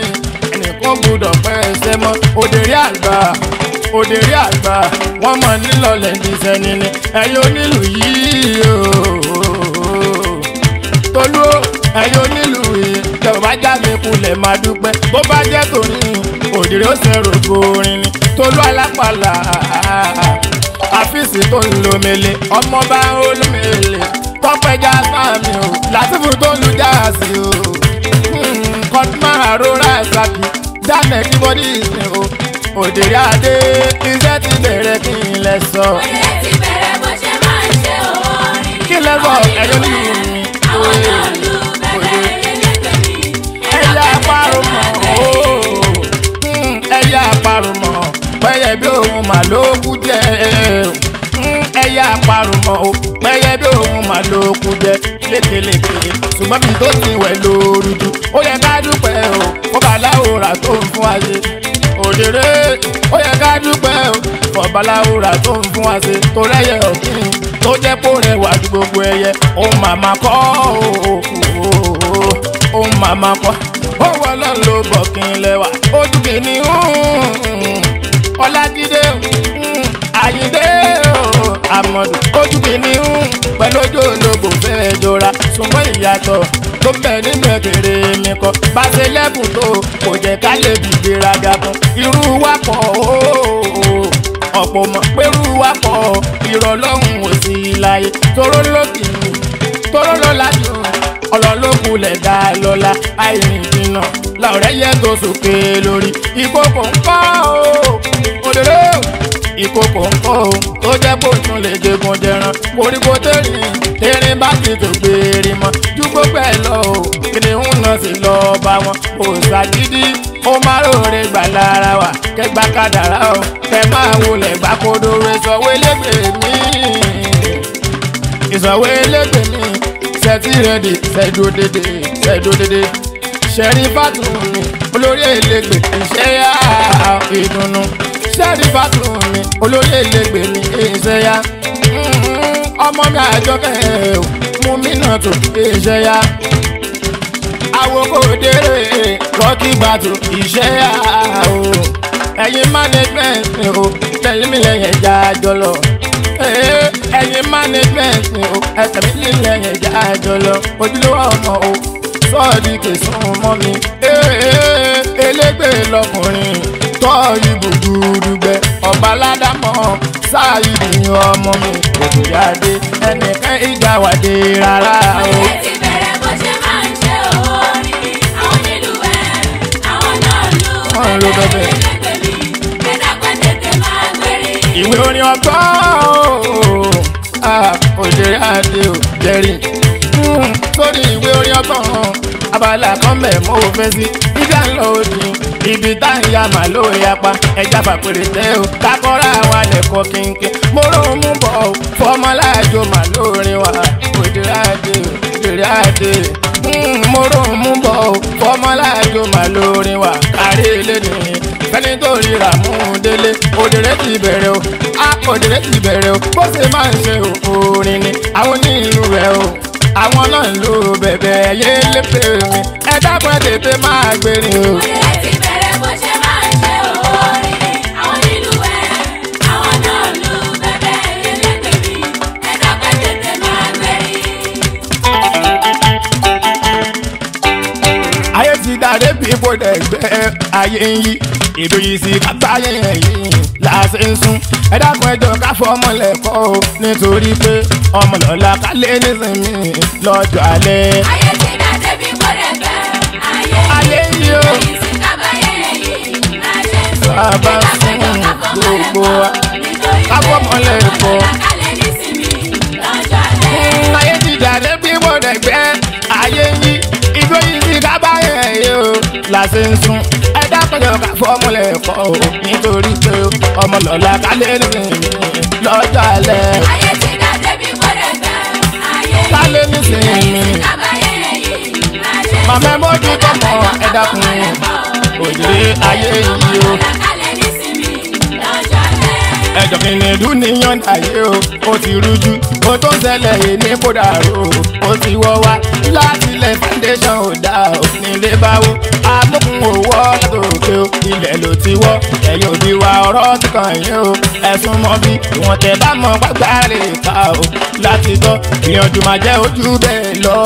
ẹnìkan gbọ́dọ̀ pẹ́ ẹsẹ̀ mọ́ òdèrè àgbà òdèrè àgbà wọ́n mọ̀ nílọ̀lẹ̀ ní sẹ́ni ni ẹ̀yin onílù yìí o tolú o ẹ̀yin onílùú yìí tẹ ò bá já kulẹ̀ máa dúpẹ́ bó bá jẹ́ tòní òdìrí ó ṣe rògbò orin ni tolú alápàlà àfíìsì tó ń lo mele ọmọ bá ń olómele tọpẹjà sáàmì o látìfù tó ń lu jáàsì o hmm, kọtùmá àrórà ìsàkì dáná kí bọ́dí ìsìn o òdìrí adé iṣẹ́ ti bẹ̀rẹ̀ kí n lẹ sọ. òdìrí ti bẹ̀rẹ̀ bó ṣe máa ń ṣe òórìn. kí lẹ́fọ̀ ẹ̀yọ́ nínú pẹ́yẹ bí òun mà ló kú jẹ ẹyẹ àparùmọ̀ o pẹ́yẹ bí òun mà ló kú jẹ lékeleke ṣùgbọ́n mi tó ti wẹ̀ lóru jù ó yẹ ká dúpẹ́ o fọba láwòrán tó ń fún ayé òdèrè ó yẹ o fọba láwòrán tó ń tó jẹ́ kó rẹwà ju gbogbo ẹyẹ ó màmá kọ́ ó màmá kọ́ ó wọlọ́ ló bọ̀ kí n lẹ́wà ojú kìíní ọlájídé àyíndé amọ̀dù ojú kìíní pẹ̀lú ojú ológun fẹ́ẹ́ jọra súnmọ́ ìyàtọ̀ tó bẹ̀ nínú ẹ̀kẹ́rẹ́ mi kọ bá ṣe lẹ́bùn tó kò jẹ́ ká lè dìde raga kan irú wa pọ̀ ọ̀pọ̀ mọ̀ pẹ̀lú wa pọ̀ ìrọ̀lọ́hùn láyé toró lókì ní toró lọ́la jù ọlọ́lọ́kù lẹ̀ dá lọ́la àìní ìdìnnà làwọ̀rẹ́ yẹ tó sókè lórí ìkókò ń kọ́ o òdòdó ìkókò ń kọ́ o tó jẹ́ kó tún lè jẹgun jẹran koríko tẹ̀rín tẹ̀rín bá ti tó gbèrè mọ́ dúgbò pẹ̀ lọ o kìnìún náà sì lọ bá wọn kò sàgídí ó máa lóore gbà lára wa kẹgbàkadàrà o kẹ máa wọlé gbàkodoro sọ wẹlẹgbẹ mi ìsanwó elégbè mi ṣẹ́tì rẹ̀dì ṣẹ́dó dédé ṣẹ́dó dédé ṣẹ́rí bàtùrù mi olórí elégbè iṣẹ́ yá ìdùnnú ṣẹ́rí bàtùrù mi olórí elégbè mi iṣẹ́ yá mm-hmm. ọmọ mi àjọkẹ́ ẹ̀ mú mi náà tó iṣẹ́ yá awokòdere rọ́kì gbàtú iṣẹ́ àwò ẹ̀yin management o tẹ̀lé mi lẹ́yìn ẹja jọlọ. Hey ẹ̀yin management ni o ẹsẹ̀ mi lílẹ̀ yẹn jẹ́ àjọ ojúlówó ọmọ o sọ́ọ̀dì kẹsàn-án mọ́ mi elégbèé lọkùnrin tọ́ọ̀yì gbùgbùrùgbẹ ọba ládàmọ́ sáàyì ni ọmọ mi ètò yáde ẹnìkan ìjà wàdé rárá o. ọ̀yẹ́ ti bẹ̀rẹ̀ bó ṣe ìwé orin ọgbọ́n o. Ah, òde adé ò jẹ́rìí hmm, sórí ìwé orí ọgọ́rùn abala kan bẹ̀ mọ́ ò fẹ́ sí ìjà ń òdì ibi tá ń ya màá yapa ẹja fàpèrè tẹ o takọ́ra wa lẹ́kọ̀ọ́ kínkín mo rò ó mú bọ̀ ọ́ fọmọláàjò màá lórin wa òde adé òde adé hmm, mo mú bọ̀ ọ́ fọmọláàjò màá lórin wa kárí ilé ẹni tó ríra mú un délé òdèrè ti bẹ̀rẹ̀ o a òdèrè ti bẹ̀rẹ̀ o bó ṣe máa ń ṣe orin ni àwọn ní ìlú rẹ̀ o àwọn náà ń lo bẹ̀bẹ̀ yé lépè mi ẹ dákun ẹ tètè máa gbèrè o. kó dẹ̀gbẹ́ ayé ń yí yìí sì kápá yẹn yìí láti ń sún ẹ dákun ẹjọ káfọ ọmọ o nítorí pé ọmọ lọ́la kálé nísìnyí lọ́jọ́ alẹ́. ayé ti dá débi kó dẹ̀gbẹ́ ayé ń yí yìí sì kápá yẹn yìí láti ń sún ẹ dákun ẹjọ káfọ ọmọ lẹ́kọ̀ọ́ nítorí pé ọmọ lọ́la kálé nísìnyí lọ́jọ́ alẹ́. ayé ti dá débi kó dẹ̀gbẹ́ ayé ń eré o làṣẹ ń sun ẹ dákọjọ ká fọmúlẹ ẹkọ o nítorí pé ọmọ lọlá kálẹ nìyẹn lọ́jọ́ alẹ́. ayé ti dá débi gbọ́dọ̀ gbà ayé kálẹ nísìnyí. màmá ẹ mójú tó ẹ dákun òjì ayé yìí o ẹjọ́ kìnìún níyàn dàyé o ó ti rújú ó tó ń ṣẹlẹ̀ yìí ní kódà o ó ti wọ́ wá láti ilẹ̀ foundation ò dáa ò nílé báwo o ilẹ̀ ló ti wọ́ ẹ̀yin òbí wa ọ̀rọ̀ ti kàn yín o ẹ̀sùn mọ́ bí ìwọ̀n tẹ̀ bá mọ gbàgbà lè ta o láti gbọ́ ìyànjú máa jẹ́ ojú bẹ́ẹ̀ lọ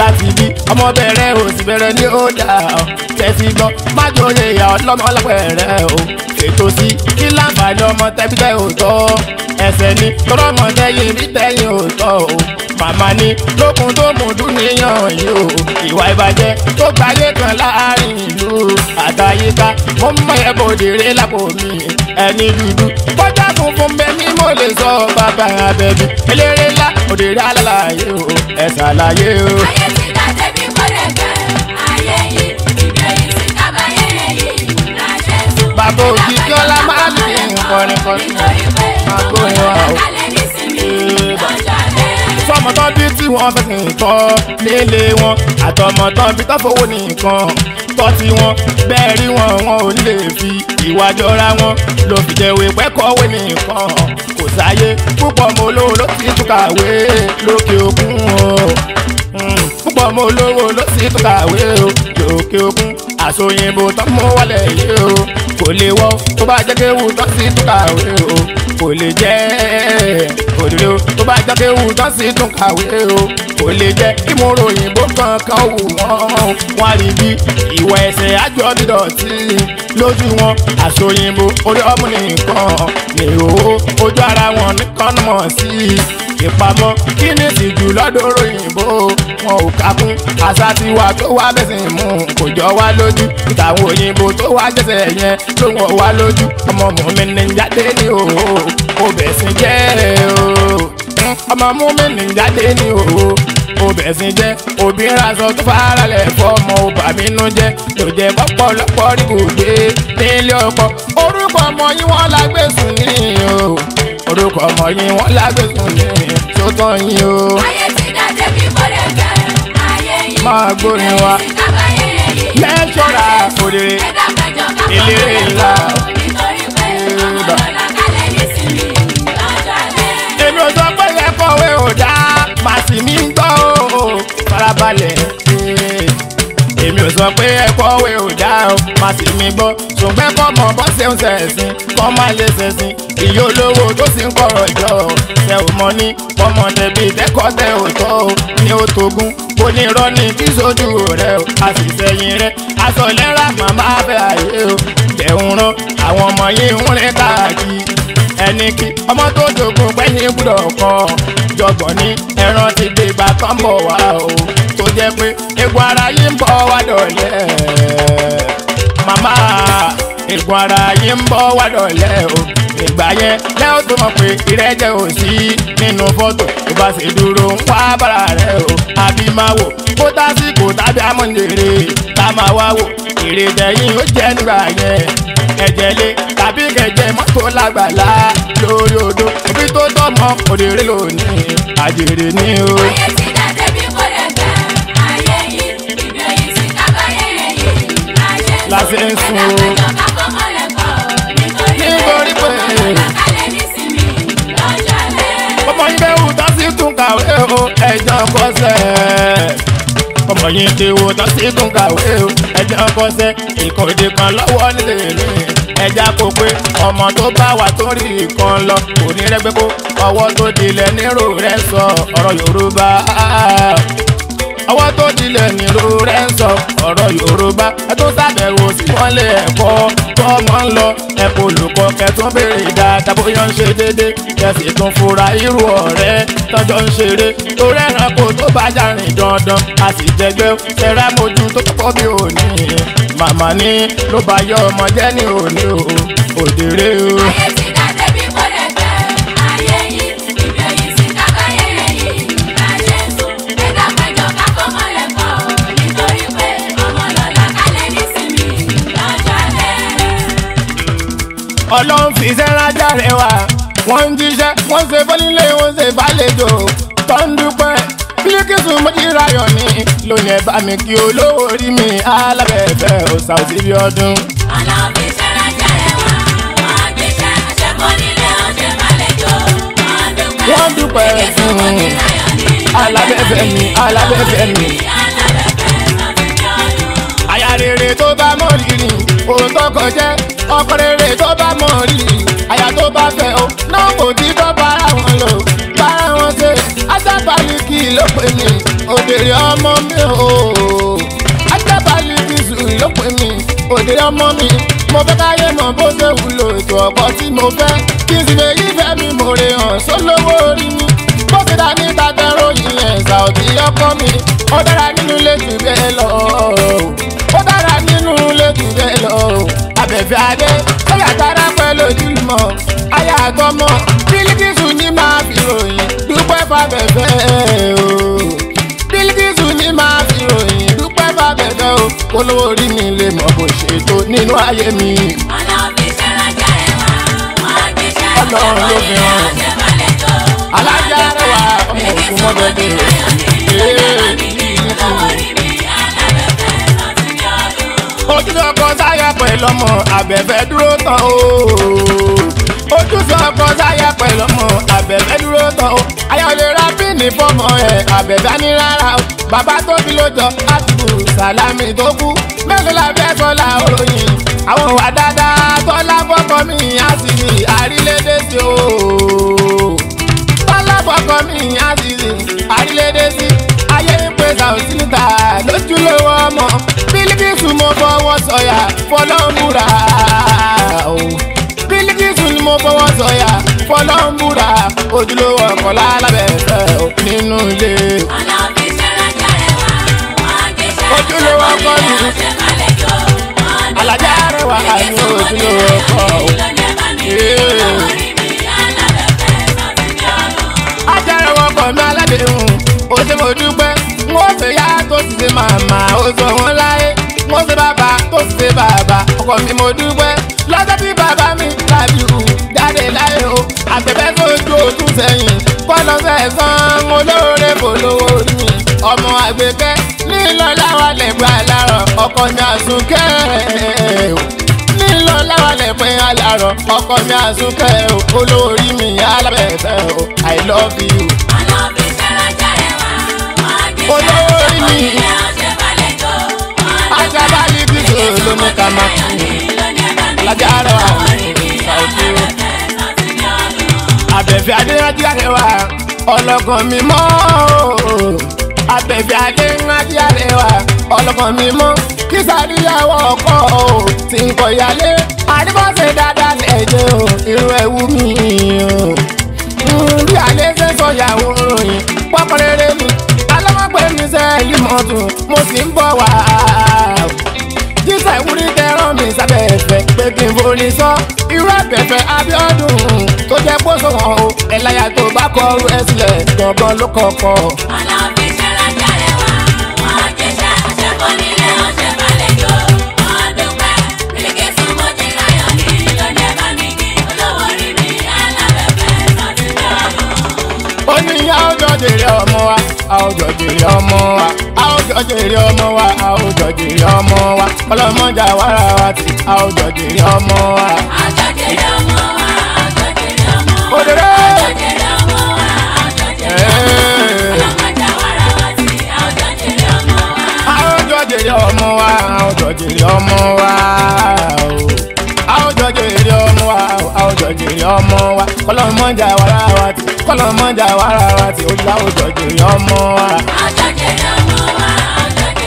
láti bí ọmọ bẹ̀rẹ̀ o sì bẹ̀rẹ̀ ní ó dà ọ́ tẹ̀sí gbọ́ má jòyè ìyá ọlọ́mọ lápẹ̀rẹ̀ o ètò sí kí láǹfààní ọmọ tẹ́bítẹ́ òótọ́ ẹsẹ̀ ni tọ́lọ́mọ tẹ́yìn bí tẹ́yìn òótọ́ o màmá ni lókun tó mùdún níyàn yìí o ìwà ìbàjẹ́ tó gbayé kan láàrin ìlú àtàyíká pupa mo mọ ẹbọ òdèrè lápò mi ẹni dúdú bọ́jà funfun bẹ ni mo lè sọ bàbá abẹ́bí eléré ńlá òdèrè alálàyé o ẹ ṣàlàyé o. ayé ti dá débi kọ́lẹ̀ gan ayé yìí ìbẹ̀yìn sí kábàáyé yìí láṣẹ sùn. bàbá òjì kí ọlá máa ń bí kọrin kọrin máa kórin wa o. sọmọ tán bí tí wọ́n fẹsẹ̀ tán nílé wọn àtọmọ tán bí tán fowó nìkan kọ́ tiwọn bẹ́ẹ̀ rí wọn wọn ò lè fi ìwà jọra wọn ló fi jẹ̀wé pẹ́kọ̀wé nìkan kò sáyé púpọ̀ mo lówó ló ti tún kàwé lókè òkun o hmm, púpọ̀ mo lówó ló ti tún kàwé o lókè òkun àsòyìnbó tán mú wọlé yìí o kò lè wọ́ tó bá jẹ́ kéwù tán ti tún kàwé o kò lè jẹ́ òdodo tó bá jẹ́ kéwù tó sì tún kàwé o kò lè jẹ́ kí mo ròyìn bó kankan wù wọ́n wọ́n rí bí ìwà ẹ̀sẹ̀ àjọ dídọ̀tí lójú wọn àṣọyìnbó orí ọmọ nìkan nìró ojú ara wọn nìkan mọ̀ sí i ìpamọ́ kí ni ìtìjú lọ́dọ̀ òyìnbó wọn ò ká kún àṣà tiwa tó wá bẹ̀sẹ̀ mú kò jọ wá lójú ìtàwọn òyìnbó tó wá jẹ̀sẹ̀ yẹn ló wọ̀ wá lójú ọmọ mọ̀mí ni jáde ní òhò ó bẹ̀sìn jẹ́ òhò ọmọ mọ̀mí ni jáde ní òhò obẹ̀sìn jẹ́ obìnrin aṣọ tó fara lẹ̀ fọmọ ọba bínú jẹ́ ló jẹ́ pọ́pọ́lọpọ́ rí kò gbé nílé ọkọ orúkọ ọmọ yín wọ́n lágbèsùn ní o orúkọ ọmọ yín wọ́n lágbèsùn ní o ó tán yín o. ayé ti dájẹ́ bí máa gbórin wa. lẹ́tọ́ra òdèrè eléré ńlá. èmi ò sọ pé ẹ̀kọ́ wẹ̀ ò dá màsí mi. yóò sọ pé ẹ̀kọ́ òwe ò dá o má sì mí gbọ́ ṣùgbọ́n kọ́ mọ bọ́ ṣe ń ṣẹ̀sìn kọ́ má ṣe ṣẹ̀sìn ìyá olówó tó sì ń kọ̀rọ̀ ìjọ o ṣe ò mọ ní pọ́mọdé bíi tẹ́kọ̀ọ́ tẹ ò tọ́ o ní o tógun kò ní irọ́ ní bí sojú rẹ o a sì sẹ́yìn rẹ aṣọ lẹ́ra màmá bẹ àyè o jẹun rán àwọn ọmọ yìí ń rìn káàkiri ẹni kí ọmọ tó jogun pẹ́yìn gbúdọ̀ kọ́ jọgbọ̀n ní ẹran ti dé ìgbà kan bọ̀ wá o tó jẹ́ pé egun ara yìí ń bọ̀ wá dọ̀lẹ́ màmá egun ara yìí ń bọ̀ wá dọ̀lẹ́ o ìgbà yẹn lẹ́yìn tó mọ̀ pé ìrẹ́jẹ ò sí nínú fọ́tò ìbáṣe dúró ń wá bàrà rẹ̀ o àbí máa wò kó tásìkò tàbí amúnyèrè tá máa wá wò ìrètẹ̀yìn ó jẹ́ nígbà yẹn ẹ̀jẹ̀ lé tàbí kẹ̀jẹ̀ mọ́tò lágbàlá lórí odò ibi tó tọ́mọ òdèrè lónìí àjèrè ni o. ayé ti ń sun o. nítorí pé ọmọ yín bẹ́ẹ̀ wù tó sì tún kàwé o ẹ̀jọ̀ bọ́sẹ̀ ọmọ yìí ti wo tó sì tún kàwé o ẹjọ́ kọsẹ̀ ìkòdì kan lọ́wọ́ nílé mi ẹja kò pé ọmọ tó bá wà tó rí nǹkan lọ kò ní rẹ́gbẹ́ kó ọwọ́ tó dilẹ̀ nírò rẹ̀ sọ ọ̀rọ̀ Yorùbá ọwọ́ tó dilẹ̀ nírò rẹ̀ sọ ọ̀rọ̀ Yorùbá ẹ tó ṣàbẹ̀wò sí mọ́lẹ̀ ẹ̀kọ́ tó ọmọ ń lọ ẹ̀kọ́ olùkọ́ kẹtún béèrè dáadáa bóyá ń ṣe déédéé kẹsì tún fura irú ọ̀rẹ́ tọ́jọ́ ń ṣeré torí ẹranko tó bá jà rìn dandan a sì jẹgbẹ́ tẹ̀ra mojú tó kọ́kọ́ bí òní màmá ní ló bá yọ ọmọ jẹ́ ní òní o òdèrè o. ayé ti dá débi kó lè gbé ayé ibi òyìn sí kábà yẹyẹ yìí bá ṣe sùn nígbà péjọ kákó mọ́lẹ̀ pọ̀ nítorí pé ọmọ lọ́la kálẹ̀ nísìmí lọ́jọ́ alẹ́. ọlọ́run fi sẹ́ra járe wa wọ́n ń jíṣẹ́ wọ́n ṣe fọ́nílé wọ́n ṣe fàlejò tó ń dúpẹ́ bílíkìsù mojíráyọ̀ ni lónìí ẹ bá mi kí olówó orí mi alábẹ̀ẹ́fẹ́ òòsà òsì bí ọdún. wọ́n dúpẹ́ fún un alábẹ̀ẹ́fẹ́ mi alábẹ̀ẹ́fẹ́ mi. àyà rere tó bá mọ́ rírì òun tó kọjá ọkọ rere. ló pè mí òdèrè ọmọ mi o ajábàlì bísù ló pè mí òdèrè ọmọ mi mo fẹ́ káyé mọ̀ bó ṣe wúlò ètò ọ̀pọ̀ tí mo fẹ́ kí n sì lè yí fẹ́ mi mo rè hàn sólówó orí mi bó ṣe dá ní tàbẹ́rò ìyẹn ṣàòbí ọkọ mi ó dára nínú ilé jù bẹ́ẹ̀ lọ ó dára nínú ilé jù bẹ́ẹ̀ lọ abẹ́fẹ́ adé ó yàtara pẹ́ lójúmọ́ ayé àgbọ́mọ́ dúpẹ́ fàbẹ̀fẹ́ o bílíkìsù ní máa fi ròyìn dúpẹ́ fàbẹ̀fẹ́ o polówó orí mi lè mọ̀ bó ṣe tó nínú ayé mi. ọlọ́ọ̀bí ọlọ́run ló fi hàn alájà rẹ̀ wá ọmọ òkú mọ́dọ̀dé ojú ọkọ̀ sáyà pẹ̀lú ọmọ abẹ́fẹ́ dúró tán o ojúṣe ọkọ sáyẹ pẹ̀lú mọ àbẹ̀bẹ̀ dúró tán o ayọ̀lẹ̀ rábìnì fọmọ ẹ̀ àbẹ̀bẹ̀ ní rárá o bàbá tóbi ló jọ àtùkù sàlámì tó kú mélòó la fẹ́ sọ́la òròyìn àwọn ìwà dáadáa tọ́lá fọkọ mi á sì ní àrílédè sí o tọ́lá fọkọ mi á sì ní àrílédè sí ayé ń pè sàùn síta lójúlówó ọmọ bílíkì sùn mo fọwọ́ sọ̀yà fọlọ́mùra o mo fọwọ́ sọ̀yà fọlọ́ńbúra ojúlówó ọkọ̀ lálábẹ́sẹ̀ nínú ilé. ojúlówó ọkọ̀ ni alájà rẹ̀ wà ní ojúlówó ọkọ̀ o. Eh. ajára wọn kọ̀ mí aládéhùn ó ṣe mo dúpẹ́ wọ́n ṣe yá tó ti ṣe màmá ó sọ wọn láyé wọ́n ṣe bàbá tó ti ṣe bàbá ọkọ mi mo dúpẹ́ lọ́jọ́ tí sẹ́yìn kọ́lọ́ sẹ́sán olóore kò lówó ọmọ àgbẹ̀kẹ́ nílọ láwa lè gba alárọ̀ ọkọ mi àsùnkẹ́ nílọ láwa lè pín alárọ̀ ọkọ mi àsùnkẹ́ olórí mi alábẹ̀tẹ̀ o I love you. olórí mi ajabali bí sòlómù kàmá alájà rọ̀ àwọn ènìyàn náà abẹ́fẹ́ adé rántí àrẹwà ọlọ́kàn mi mọ́ o abẹ́fẹ́ adé rántí àrẹwà ọlọ́kàn mi mọ́ kí sàdúyàwó ọkọ o tí n kọ ìyálé àdébọ̀sẹ̀ dáadáa lẹ́jẹ̀ o irú ẹ̀wù mi o bí alẹ́ ṣe sọ ìyàwó ròyìn pọ́pọ́ rere mi alámọ̀pẹ́ mi sẹ́ẹ̀lì mọ́tò mo sì ń bọ̀ wá kí Sàíwúrí tẹran mi sábẹ́ ẹ̀fẹ̀ pé kí n forí sọ irú àtẹ̀fẹ̀ Abíọ́dún tó jẹ́ pósò wọn o ẹ̀láyà tó bá kọrú ẹ̀ sílẹ̀ gbọ̀ngàn ló kọ̀ọ̀kọ̀. ọlọ́ọ̀bí sẹ́rẹ̀ jáde wá wọ́n ti ṣe àṣẹ́kọ̀ọ́ nílé ọ̀ṣẹ́ balẹ̀ yóò. ó ní a ó jọ jèrè ọmọ wa a ó jọ jèrè ọmọ wa a ó jèrè ọmọ wa a ó jọ jèrè ọmọ wa ọlọ́mọjà wàrà wa ti a ó jọ jèrè ọmọ wa. àjọ ọmọ wa àjọ jèrè ọmọ ọmọ wa àjọ ọmọ wa a ó jọ ọmọ wa. a ó jọ ọmọ wa a ó jọ ọmọ wa a ó jọ ọmọ wa ọlọ́mọjà wàrà wa ti ọlọ́mọjà wàrà wa ti ó ọmọ wa. àjọ ọmọ wa.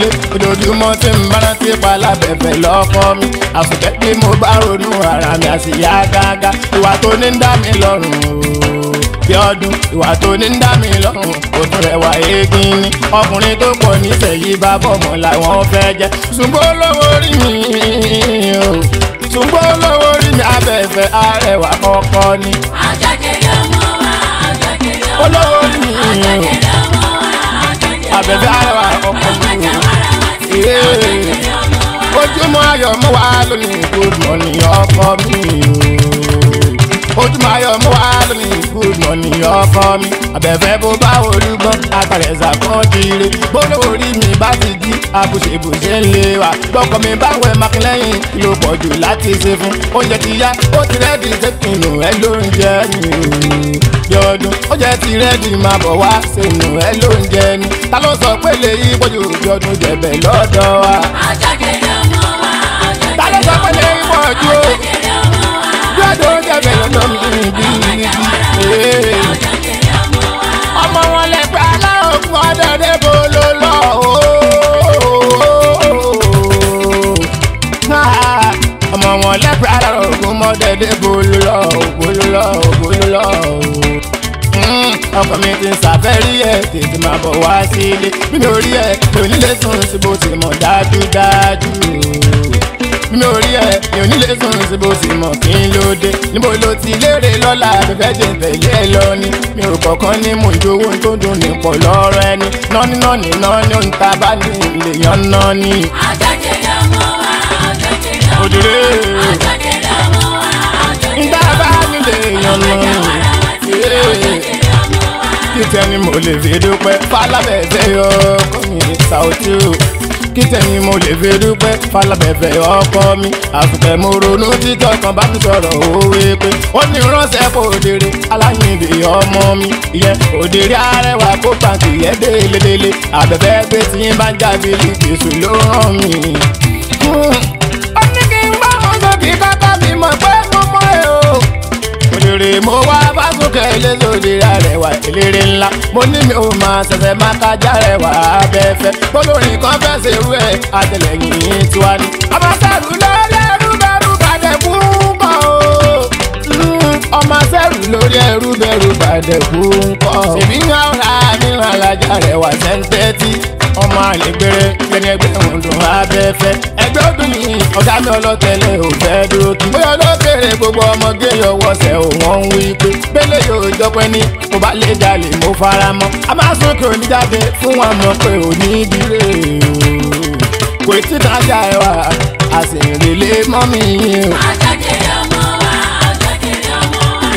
lé ojoojúmọ́ tí ń bára tí pala bẹ̀bẹ̀ lọ́kọ mi àsùnkẹ́ tí mo bá ronú ara mi àsìyá gágá ìwà tó ní ń dá mi lọ́rùn bí ọdún ìwà tó ní ń dá mi lọ́rùn òtún rẹwà eégún ni ọkùnrin tó pọ̀ nífẹ̀ẹ́ yìí bá bọ̀mọ̀ làwọn fẹ́ jẹ́ ṣùgbọ́n lọ́wọ́ orí mi o ṣùgbọ́n lọ́wọ́ orí mi abẹ́fẹ́ arẹwà kọ́kọ́ ni. àjọkẹ́rẹ́ ọmọ wa àjọkẹ́rẹ́ ọmọ wa àjọkẹ́rẹ́ ọmọ wa àbẹ̀bẹ̀ àrẹwà ọkọ̀ mi ojúmọ́ ayọ̀ mọ́ wa lónìí gbogbo ọ̀nìyàn ọkọ mi o ojúmọ̀ayọ̀ mú wá lómi good morning ọkọ mi abẹ́fẹ́ bó bá olúgbọ́n àtàlẹ́sà kan jíire bólú orí mi bá ti di àbùṣebùṣe ń lé wa mi báwo ẹ̀ máa kí lẹ́yìn ló pọ̀ jù láti ṣe fún oúnjẹ ti yá ó ti rẹ́ẹ̀dì ṣèpinnu ẹ ló ń jẹ ní yọdún oúnjẹ ti rẹ́ẹ̀dì máa bọ̀ wá ṣèpinnu ẹ ló ń jẹ ní ta ló sọ pé lè yí pọ̀jù yọdún jẹ̀bẹ̀ lọ́dọ̀ wa. ọjọ́ kejì ọmọ wa ọjọ́ kejì ọmọ wa ọjọ́ kejì ọmọ wa ọmọ mi bí ọmọ wọn lè gbà láògùn ọdọọdẹ bó ló lọ o. ọmọ wọn lè gbà láògùn ọdọọdẹ bó ló lọ o bó ló lọ o bó ló lọ o ọkọ mi ti ń sàfẹ́rí ẹ̀ tètè máa bọ̀ wá sílé mímí orí ẹ̀ onílé sùn sí bó ti mọ̀ dájúdájú mímí orí ẹ̀ onílé sùn sí bó ti mọ̀ kí n ló dé níbo ló ti léèrè lọ́la àbẹ̀fẹ́ jẹ tẹ̀lé ẹ lọ ni mi ò kọ̀ọ̀kan ní mò ń jowó tó dùn ní pọ̀ lọ́rọ̀ ẹni nọ́ni nọ́ni nọ́ni ohun tá a bá ní lèèyàn náà ni. àjọjẹrẹ ọmọ wa àjọjẹrẹ ọmọ wa àjọjẹrẹ ọmọ wa àjọjẹrẹ ọmọ wa ń tá a bá ní lèèyàn náà ìtẹ́ni mo lè fi dúpẹ́ fálábẹ́ẹ́fẹ́ yọ kọ́mi ṣàwùjọ kí mo lè fi dúpẹ́ falabẹ̀bẹ̀ ọkọ mi àfùkẹ́ mo ronú títọ́ kan bá tún sọ̀rọ̀ òwe pé ó ní ránṣẹ́ kó òdèrè aláyìnbí ọmọ mi ìyẹn òdèrè arẹwà kó pàǹtì yẹn délédélé àbẹ̀bẹ̀ pé tí ń bá ń jáde lìkèsù ló ràn mí. ó ní kí n bá wọn lókè bàbá mi mọ̀ pé eléré mo wá bá sókè eléso ìlera rẹwà eléré ńlá mo ní mi ò máa ṣẹ̀ṣẹ̀ máa kájà rẹwà abẹ́fẹ́ olórin kan fẹ́ ṣerú ẹ̀ àtẹlẹ́yìn tiwa ni. àbáṣẹ́rù lọ́lẹ́. ọmọ sẹ́rù lórí ẹrú bẹ̀rù bàdẹ̀kú ń kọ́. ṣèbí ń ha ọ̀rá mi alájà rẹ̀ wà sẹ́ńtẹ́tì ọmọ àlègbèrè gbẹnẹgbẹ òǹdùn abẹ́fẹ́. ẹgbẹ́ obìnrin ọ̀gá mi ọlọ́tẹ̀lẹ̀ ò fẹ́ dúró kí. bóyá olókèrè gbogbo ọmọge yọwọ́sẹ̀ ò wọ́n ń wí pé pélé yóò jọpẹ́ ní mo bá lè jalè mo fara mọ́. a máa sókè oníjáde fún wọn mọ̀ pé òní ìdílé kò tí tájà ẹwà àsìrèlé mọ́mí yìí o. má jáde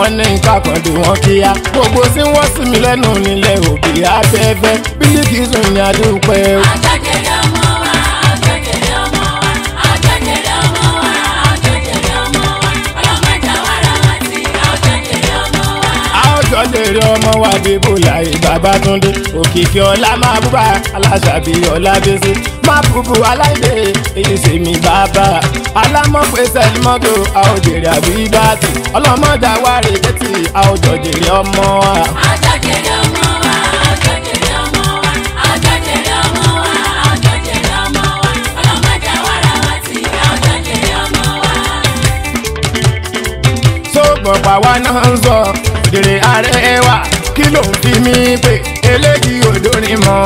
wọ́n ní ìkàkọ̀dé wọn kíá gbogbo sí wọ́n sì mí lẹ́nu nílẹ̀ òbí abẹ́fẹ́ bílíkì sùn ní adúpẹ́ o. eré ọmọ wa débò láì Babátúndé òkìkí ọlá máa búba aláṣàbí ọlábẹ́sẹ̀ máa búbu aláìdè èyí ṣe mi bàbá alámọ̀pẹ̀sẹ̀ mọ́tò àòjèrè àbí bàtì ọlọ́mọdé àwárí létí àòjọ̀jèrè ọmọ wa. àjọjèrè wa náà ń sọ òdèrè arẹwà kí ló ń fi mí pè eléyìí odò ni mọ.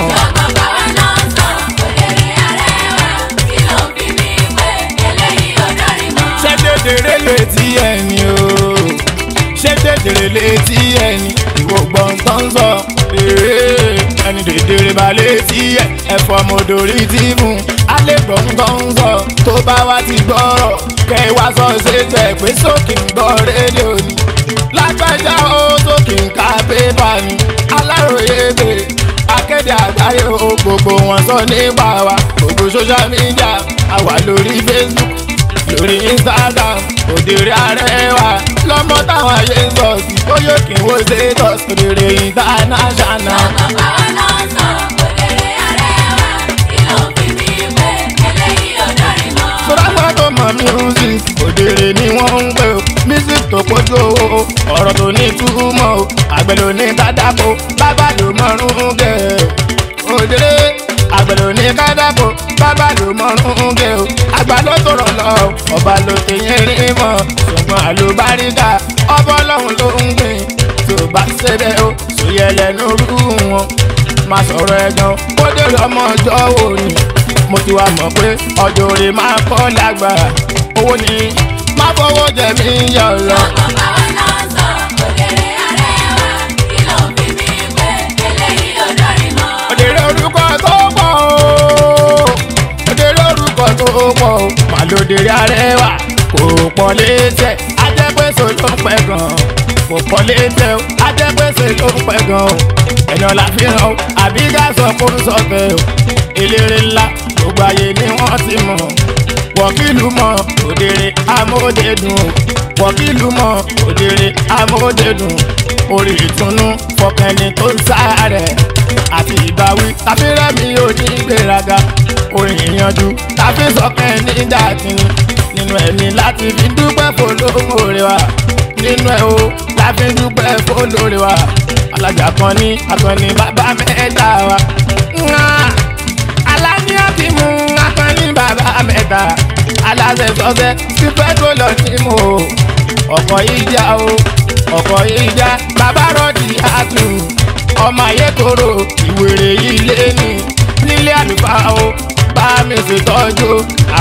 ṣé dédèrè létí ẹni o ṣé dédèrè létí ẹni ìwò gbọ̀ngàn sọ ẹni dédèrè bá létí ẹ ẹ̀fọ́ mọ̀dòrí ti fún alẹ́ gbọ̀ngàn sọ tó bá wá ti gbọ́rọ̀ kẹ́ sọ ṣe tẹ̀ pé sókè ń gbọ́ rédíò ni lágbájá ó tó kì í ka pépà ni aláròye bèrè akéde àgbáyé o gbogbo wọn sọ nípa wa gbogbo social media àwa lórí Facebook lórí Instagram òdèrè arẹwà lọmọ táwọn ayé ń sọ sí bóyá kí n wo status rere international. Sọ́dá gbọ́dọ̀ mọ̀ music, òdèrè ni wọ́n ń pè ó, music tó pọ̀ owó ọ̀rọ̀ tó ní túmọ̀ o àgbẹ̀ ló ní kádàpọ̀ bàbá ló mọ̀rún gẹ̀ òdèrè àgbẹ̀ ló ní kádàpọ̀ bàbá ló mọ̀rún gẹ̀ o àgbà ló sọ̀rọ̀ lọ ọba ló ti yín rí mọ̀ ṣùgbọ́n àlùbáríkà ọbọ̀ ọlọ́run ló ń gbìn tó bá ṣe o sòyẹ lẹ́nu rú wọn máa sọ̀rọ̀ ẹ̀gbọ́n kó ọmọ ọjọ́ wò ni mo ti wá mọ̀ pé ọjọ́ òrè máa kọ́ lágbára owó ni má fọwọ́ jẹ mí yọ̀ lọ. o màlúdìrí arẹwà kò pọ̀ léṣẹ̀ ajẹ́pẹ̀sẹ̀ ló ń pẹ́ gan-an kò pọ̀ léṣẹ̀ o ajẹ́pẹ̀sẹ̀ ló ń pẹ́ gan-an o ẹ̀nà làfihàn o àbí ká sọ ń sọ tẹ o eléré ńlá gbogbo ayé ni wọ́n ti mọ̀ wọ́kìlù mọ̀ òdèrè amóhóndédùn o wọ́kìlù mọ̀ òdèrè amóhóndédùn orí ìtùnú fọkànlẹ̀ tó ń sáà rẹ̀ àti ìbáwí tàbí rẹ́mi ò ní gbéraga orin ìyanjú tàbí sọpẹ́ níjà tìǹ nínú ẹ̀ ní láti fi dúpẹ́ fọlọ́mọ rẹ wa nínú ẹ̀ o láti dúpẹ́ fọlọ́ rẹ wa alájà kan ní akọni bàbá mẹ́ta wa. aláníyàn ti mú akọni bàbá mẹ́ta aláṣẹ sọ́sẹ́ sí pẹ́trólọ̀ tí mo ọkọ̀ yìí já o ọkọ̀ yìí já bàbá rọ́ọ̀dì àtù ọmọ ayé koro ìwèrè yìí lé ní nílé àlùfáà o bá mi ṣètọ́jú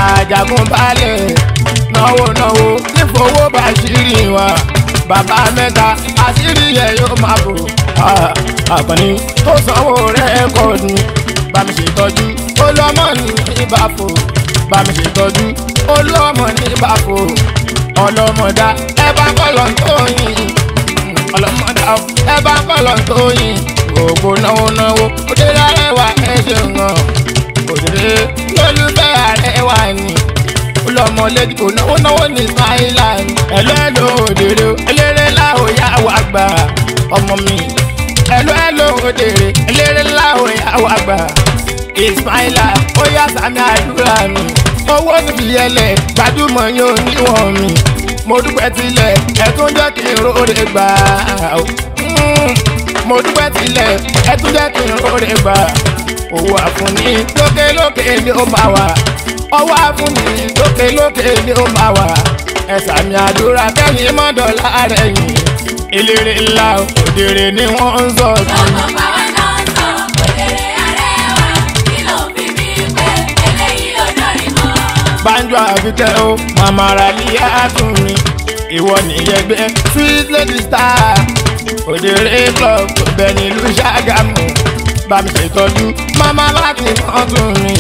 àjàgúnbalẹ̀ náwó náwó tí fowó bá ṣírí wa bàbá mẹ́ta àṣírí yẹ yóò máa bò àkànní tó sanwó rẹ̀ kọ́ọ̀dù bá mi ṣètọ́jú olọ́mọ ní ìbáfò bá mi ṣètọ́jú olọ́mọ ní ìbáfò ọlọ́mọdá ẹ bá kọ́lọ̀ tó yìn ọlọ́mọdá ẹ bá kọ́lọ̀ tó yìn gbogbo náwó náwó ó dé lárẹ́wà ẹ ṣe ń hàn òṣèré lólùfẹ́ àrẹwà ni olọmọ lẹ́dìbò náwó náwó ní skyline ẹ̀lọ́ ẹ̀lọ́ òdèrè eléré láwọ̀ yá wà ọmọ mi ẹ̀lọ́ ẹ̀lọ́ òdèrè eléré láwọ̀ yá wà gbà ìsmáìlà ó yá sàmì àdúrà mi owó níbi ẹlẹ gbajúmọ̀ yóò níwọ̀n mi mo dúpẹ́ tilẹ̀ ẹ̀tún jẹ́ kí n róore gbà hmm, mo dúpẹ́ tilẹ̀ ẹ̀tún jẹ́ kí n róore gbà owó àfúnni lókèlókè ni ó máa wà ọwọ́ àfúnni lókèlókè ni ó máa wà ẹ̀sà mi àdúrà kẹ́yìn mọ́dọ̀lá rẹ̀ yìí eléré ńlá òdèrè ni wọ́n ń sọ. ọmọ bàbá náà ń sọ òdèrè arẹwà Banjo Àbíkẹ́ o màmá Raliya tún mi ìwọ nìyẹn gbé sweet lady star òdèrè club kò bẹ nílùú Ṣàgámù bá mi ṣètọ́jú màmá láti mọ́tún mi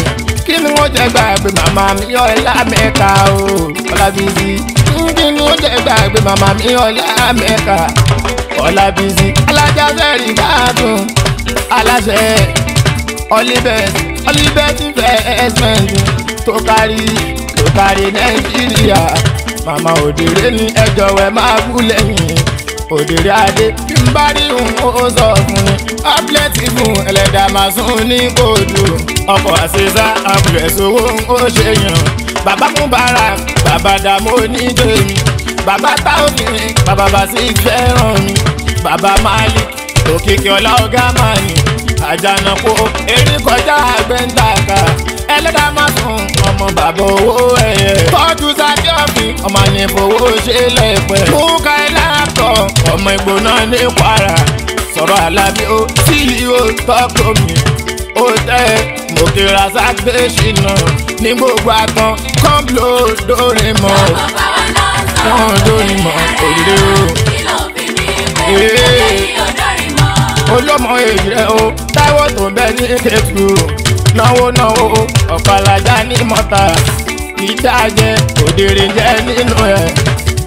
kí ni wọ́n jẹ́ gbàgbé màmá mi yọ ẹ lámẹ́ka o Ọlábísí kí ni wọ́n jẹ́ gbàgbé màmá mi yọ ẹ lámẹ́ka Ọlábísí alájà sẹ́rì gbádùn aláṣẹ ọlíbẹ̀ẹ́sì ọlíbẹ̀ẹ́sì fẹ́ẹ́sìmẹ̀ntì tó kárí tó kárí Nàìjíríà màmá òdèrè ni ẹjọ́ wẹ̀ máa kú lẹ́yìn òdèrè adé bá rí òun ó sọ fún mi ọ́pìlẹ́tì fún ẹlẹ́dàá máa sún ní kóòdù ọkọ̀ àṣeṣá àbùrẹ̀sowó ó ṣe yàn bàbá fún bàrà bàbá dààmú oníjèmi bàbá táwọn bàbá bá sì fẹ́ràn mi bàbá Malik òkìkí ọlá ọ̀gá màní erékọjá àgbẹ̀ńdàkà ẹlẹ́dàá má sùn ọmọ bàbá owó ẹ̀yẹ. tọ́jú sáfì ọ̀fìn ọmọ àyìn fowó ṣe lẹ́pẹ́. fún káyọ̀lá kọ ọmọ ìgbóná ní kwara sọ̀rọ̀ alábí ó ceo tọ́kọ mi ó tẹ́ mo kí razak gbé ṣìnà ní gbogbo àtàn kọ́ńbìlò dórí mọ́ wọ́n dórí mọ́ òde o. olómọ èyí rẹ o táwọn tó bẹ ní kẹtù náwó náwó ọ̀fàlàjà ní mọ́ta ìdájẹ òdèrè jẹ nínú ẹ̀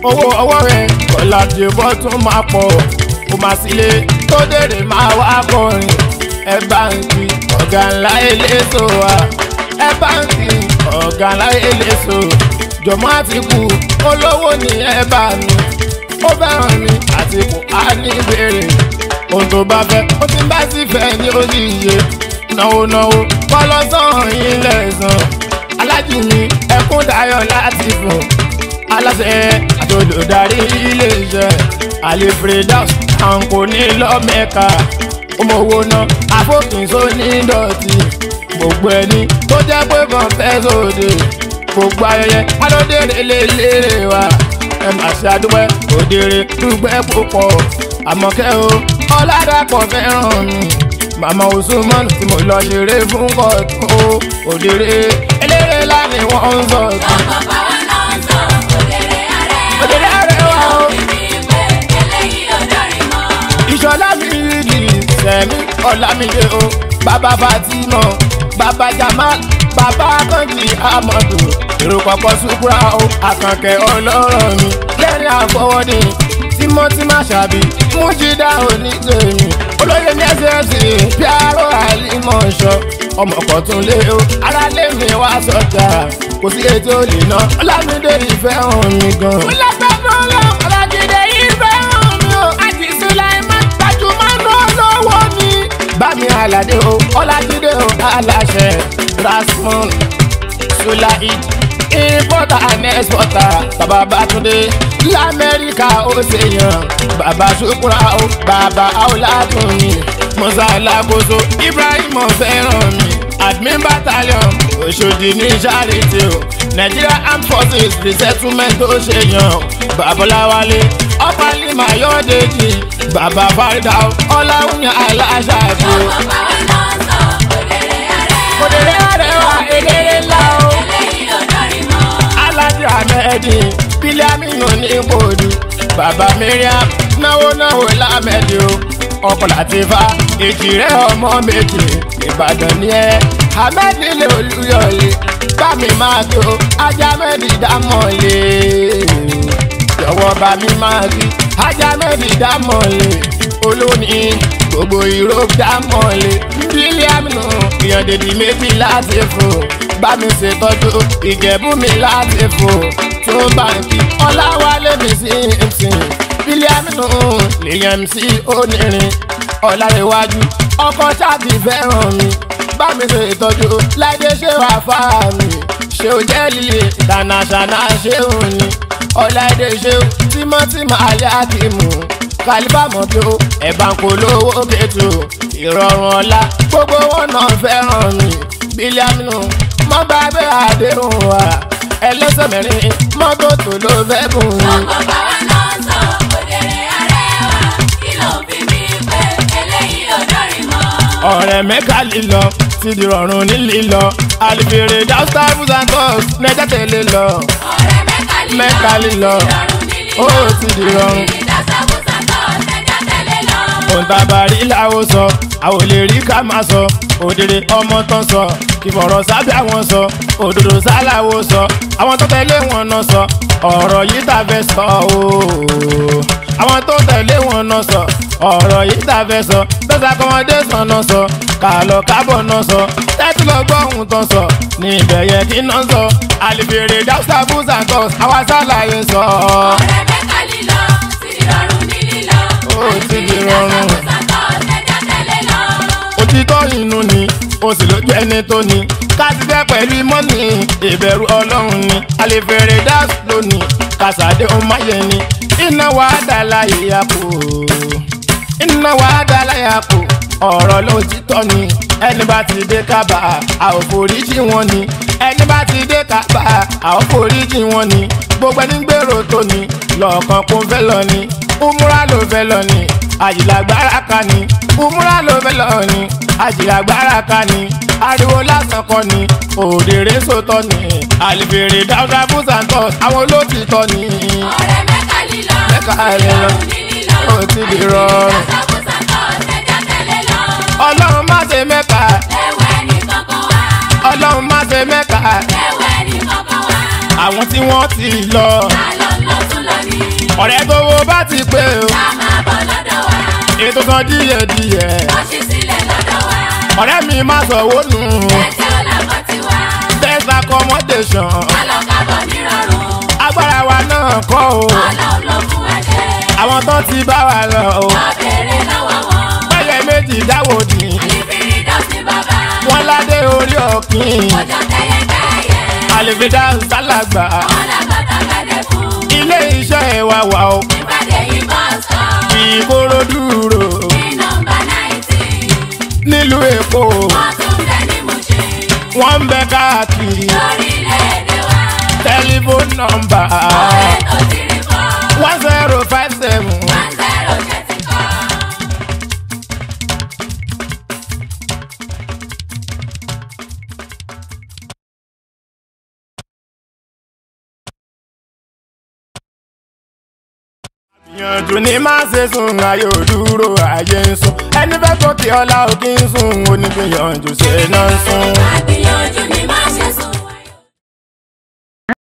owó ọwọ́ rẹ̀ kọ̀là tí ó bọ́ tún máa pọ̀ kò má sílé tó dèrè máa wá kọrin ẹ bá ń fi ọ̀gá ńlá eléso wa ẹ bá ń fi ọ̀gá ńlá eléso jọ̀mọ́ àtìkù olówó ni ẹ bá mi ó fẹ́ràn mi àtìkù á ní ìbéèrè ohun tó bá fẹ́ ó ti bá sì fẹ́ ní ó sì náwó náwó kọlọ́sàn ilẹ̀ sàn alájì mi ẹkún dayọ̀ láti fún aláṣẹ àtolùdarí iléeṣẹ́ àlefredaus àǹkó ní lọ́mẹ́ka ọmọwó náà àfòkìnso ní dọ̀tí gbogbo ẹni tó jẹ́ pé kàn fẹ́ sóde gbogbo ayẹyẹ alóde lélẹ́lẹ́rẹ́ wa ẹ má ṣe àdúpẹ́ òdèrè dúpẹ́ púpọ̀ àmọ́kẹ́ o ọ̀làdàpọ̀ fẹ́ràn mi màmá Usman tí mo lọ ṣeré fún kọ̀tún o òdèrè eléré láti wọ́n ń sọ. òdèrè arẹwà o. ìṣọ̀lá mi rí ni sẹ̀mí ọ̀làmídé o bàbá Fatima bàbá Jamal bàbá Akànjí Amadu èrò pọ̀pọ̀ sukura o àkànkẹ́ ọlọ́rọ̀ mi lẹ́rìn àfọwọ́dé tímọ́tí má ṣàbí mújídá onígbèmí olóyè ní ẹsẹẹsì Piaro Alimotion ọmọ kan tún lé o ara lé mi wá sọjà kò sí ètò olè náà Ọlámídé ìfẹ́ hàn mí gan. kúlẹ̀tẹ̀ lọ́lọ́ ọ̀làjìdẹ ìfẹ́ hàn mí o àti Sulaiman gbajúmọ̀ lọ́wọ́ mi. bámi aládé o ọ̀làjìdẹ o aláṣẹ rasmus sulaid importer and exporter bàbá bàtúndé kí amẹ́ríkà ó ṣèyàn bàbá ṣùkúra ó bàbá àwòládùn mi musa alákòóso ibrahim fẹ́ràn mi admin battalion òṣòdì ní charity o nigeria armed forces resettlement tó ṣèyàn babaláwálé ọ̀pálí mayọ́dèjì bàbá farida ọ̀làwùnyàn aláṣàbí. kòdèrè àrẹwà èdèrè ńlá o alájà mẹ́ẹ̀dín. Aminu ní bòdù bàbá Mariam náwó náwó lámẹ́dì o ọkọ̀ láti fa èjìrẹ́ ọmọ méje Ìbàdàn ní ẹ Ahmed ilé Olúyọ̀lé bá mi máa tó ajá mẹ́rin dámọ̀lé jọ̀wọ́ bá mi máa rí ajá mẹ́rin dámọ̀lé olóní gbogbo ìró dámọ̀lé Bílíọ̀nù ìyàndèdì méjì láti fò bá mi ṣètọ́jú ìjẹ̀bú mi láti fò tí ó bá ń kí ọláwálé mi sí ìsìn bílíọ̀nù lèyàn sí onírin ọ̀làríwájú ọkọ̀ ṣáàtì fẹ́ràn mi bá mi ṣètọ́jú láìdé ṣe wà fáà mi ṣé o jẹ́ líle ìdánaṣáná ṣé òun ni ọ̀làdé ṣé o tímọ́tì máa yá kí mú kàlífà mọ́tò ẹ̀bà kò lówó kẹtù ìrọ̀rùn ọ̀la gbogbo wọn náà fẹ́ràn mi bílíọ̀nù mọ́ gbàgbé àdéhùn wa ẹlẹ́sẹ̀ mẹ́rin mọ́ gòtò ló fẹ́ bùn. ọkọ̀ bàbá náà sọ òdèrè arẹwà kí ló fi mí pé eléyìí ò dọ́rin mọ́. ọ̀rẹ́ mẹ́ka lílọ ti di rọrùn ní lílọ alìbèrè dáúsá fúsàntọ́s nẹ́jà tẹ̀lé lọ. ọ̀rẹ́ mẹ́ka lílọ ó ti di rọrùn. alìbèrè dáúsá fúsàntọ́s nẹ́jà tẹ̀lé lọ. òǹtàbàrí làwọn sọ àwọn olè rí ká máa sọ òdèrè ọmọ tán sọ ìfọ̀rọ̀ sábẹ́ àwọn sọ òdòdó sáláwo sọ àwọn tó tẹ̀lé wọn náà sọ ọ̀rọ̀ yìí tá fẹ́ sọ ooo àwọn tó tẹ̀lé wọn náà sọ ọ̀rọ̀ yìí tá fẹ́ sọ tọ́sà kọ́mọdé sọ náà sọ kàlọ́ kábọ̀ náà sọ tẹ́tí lọ gbọ́ ohun tán sọ ní ibẹ̀ yẹn kí náà sọ àlìbèrè dáúsà fúnṣà kọ́ àwa sálàyé sọ. ọ̀rẹ́ mẹ́ta ti kọ́ inú ni o sì lójú ẹni tó ni ká ti jẹ́ pẹ̀lú mọ́nì ìbẹ̀rù ọlọ́run ni àlefèrè dás lónìí kàṣàdé ọmáyé ni iná wa dàlá ìyàpò iná wa dàlá ìyàpò ọ̀rọ̀ ló ti tọ́ ni ẹni bá ti dé kábà àòforíjì wọn ni ẹni bá ti dé kábà àòforíjì wọn ni gbogbo ẹni gbèrò tó lọ́ọ̀kan kún fẹ́ lọ ni umura ló fẹ́ lọ ni àyìnlágbára kan ni umura ló fẹ́ lọ ni àjìlágbára ká ni ariwo lásán kọ́ ni òdèrè sòtọ́ ni àlìbèrè dáúdà fún santos àwọn olótìtọ́ ni. ọ̀rẹ́ mẹ́ka lílọ mẹ́ka lílọ ó ti di rọrùn. ọlọ́run má ṣe mẹ́ka. ẹ̀wẹ̀ ní kankan wá. ọlọ́run má ṣe mẹ́ka. ẹ̀wẹ̀ ní kankan wá. àwọn tí wọ́n ti lọ. ta ló ń lọ tún lọ ní. ọ̀rẹ́ bá ti pé o. ká máa bọ̀ lọ́dọ̀ ètò san díẹ̀díẹ̀. ó ṣí sílẹ̀ lọ́dọ̀ wa. ọ̀rẹ́ mi máa sọ̀wọ́ nù. ẹ̀jẹ̀ ọ̀làmọ́ ti wá. best accommodation. alọ́kàbọ̀ nírọ̀rùn. agbára wa náà kọ́ o. ọlọ́run ló fún wa jẹ. àwọn tó ti bá wa lọ o. ọbẹ̀rẹ̀ lọ́wọ́ wọn. bẹ́ẹ̀ méjì dáwò dì. àlìfírí dọ́sí bàbá. wọ́n ládé orí ọ̀kìn. ọjọ́ tẹ́yẹ káyẹ. àlìfídà sálàgbà. ọ̀làgbà ilé iṣẹ́ wa wà o. ìpàdé yìí bọ́ fi kóró dúró. ní nọ́mbà nineteen. nílùú Èkó. wọ́n tún bẹ ní Mùṣín. wọ́n ń bẹ káàkiri. lórílẹ̀‐èdè wa. tẹlifóònù nọ́mbà. ọ̀rẹ́ tó ti rí kọ́. one zero five seven. gbìyànjú ní má ṣe sùn ayò dúró ayé ń sùn ẹni fẹ́ kó kí ọlá òkín sùn onígbìyànjú ṣe náà sùn. àgbìyànjú ní má ṣe sùn.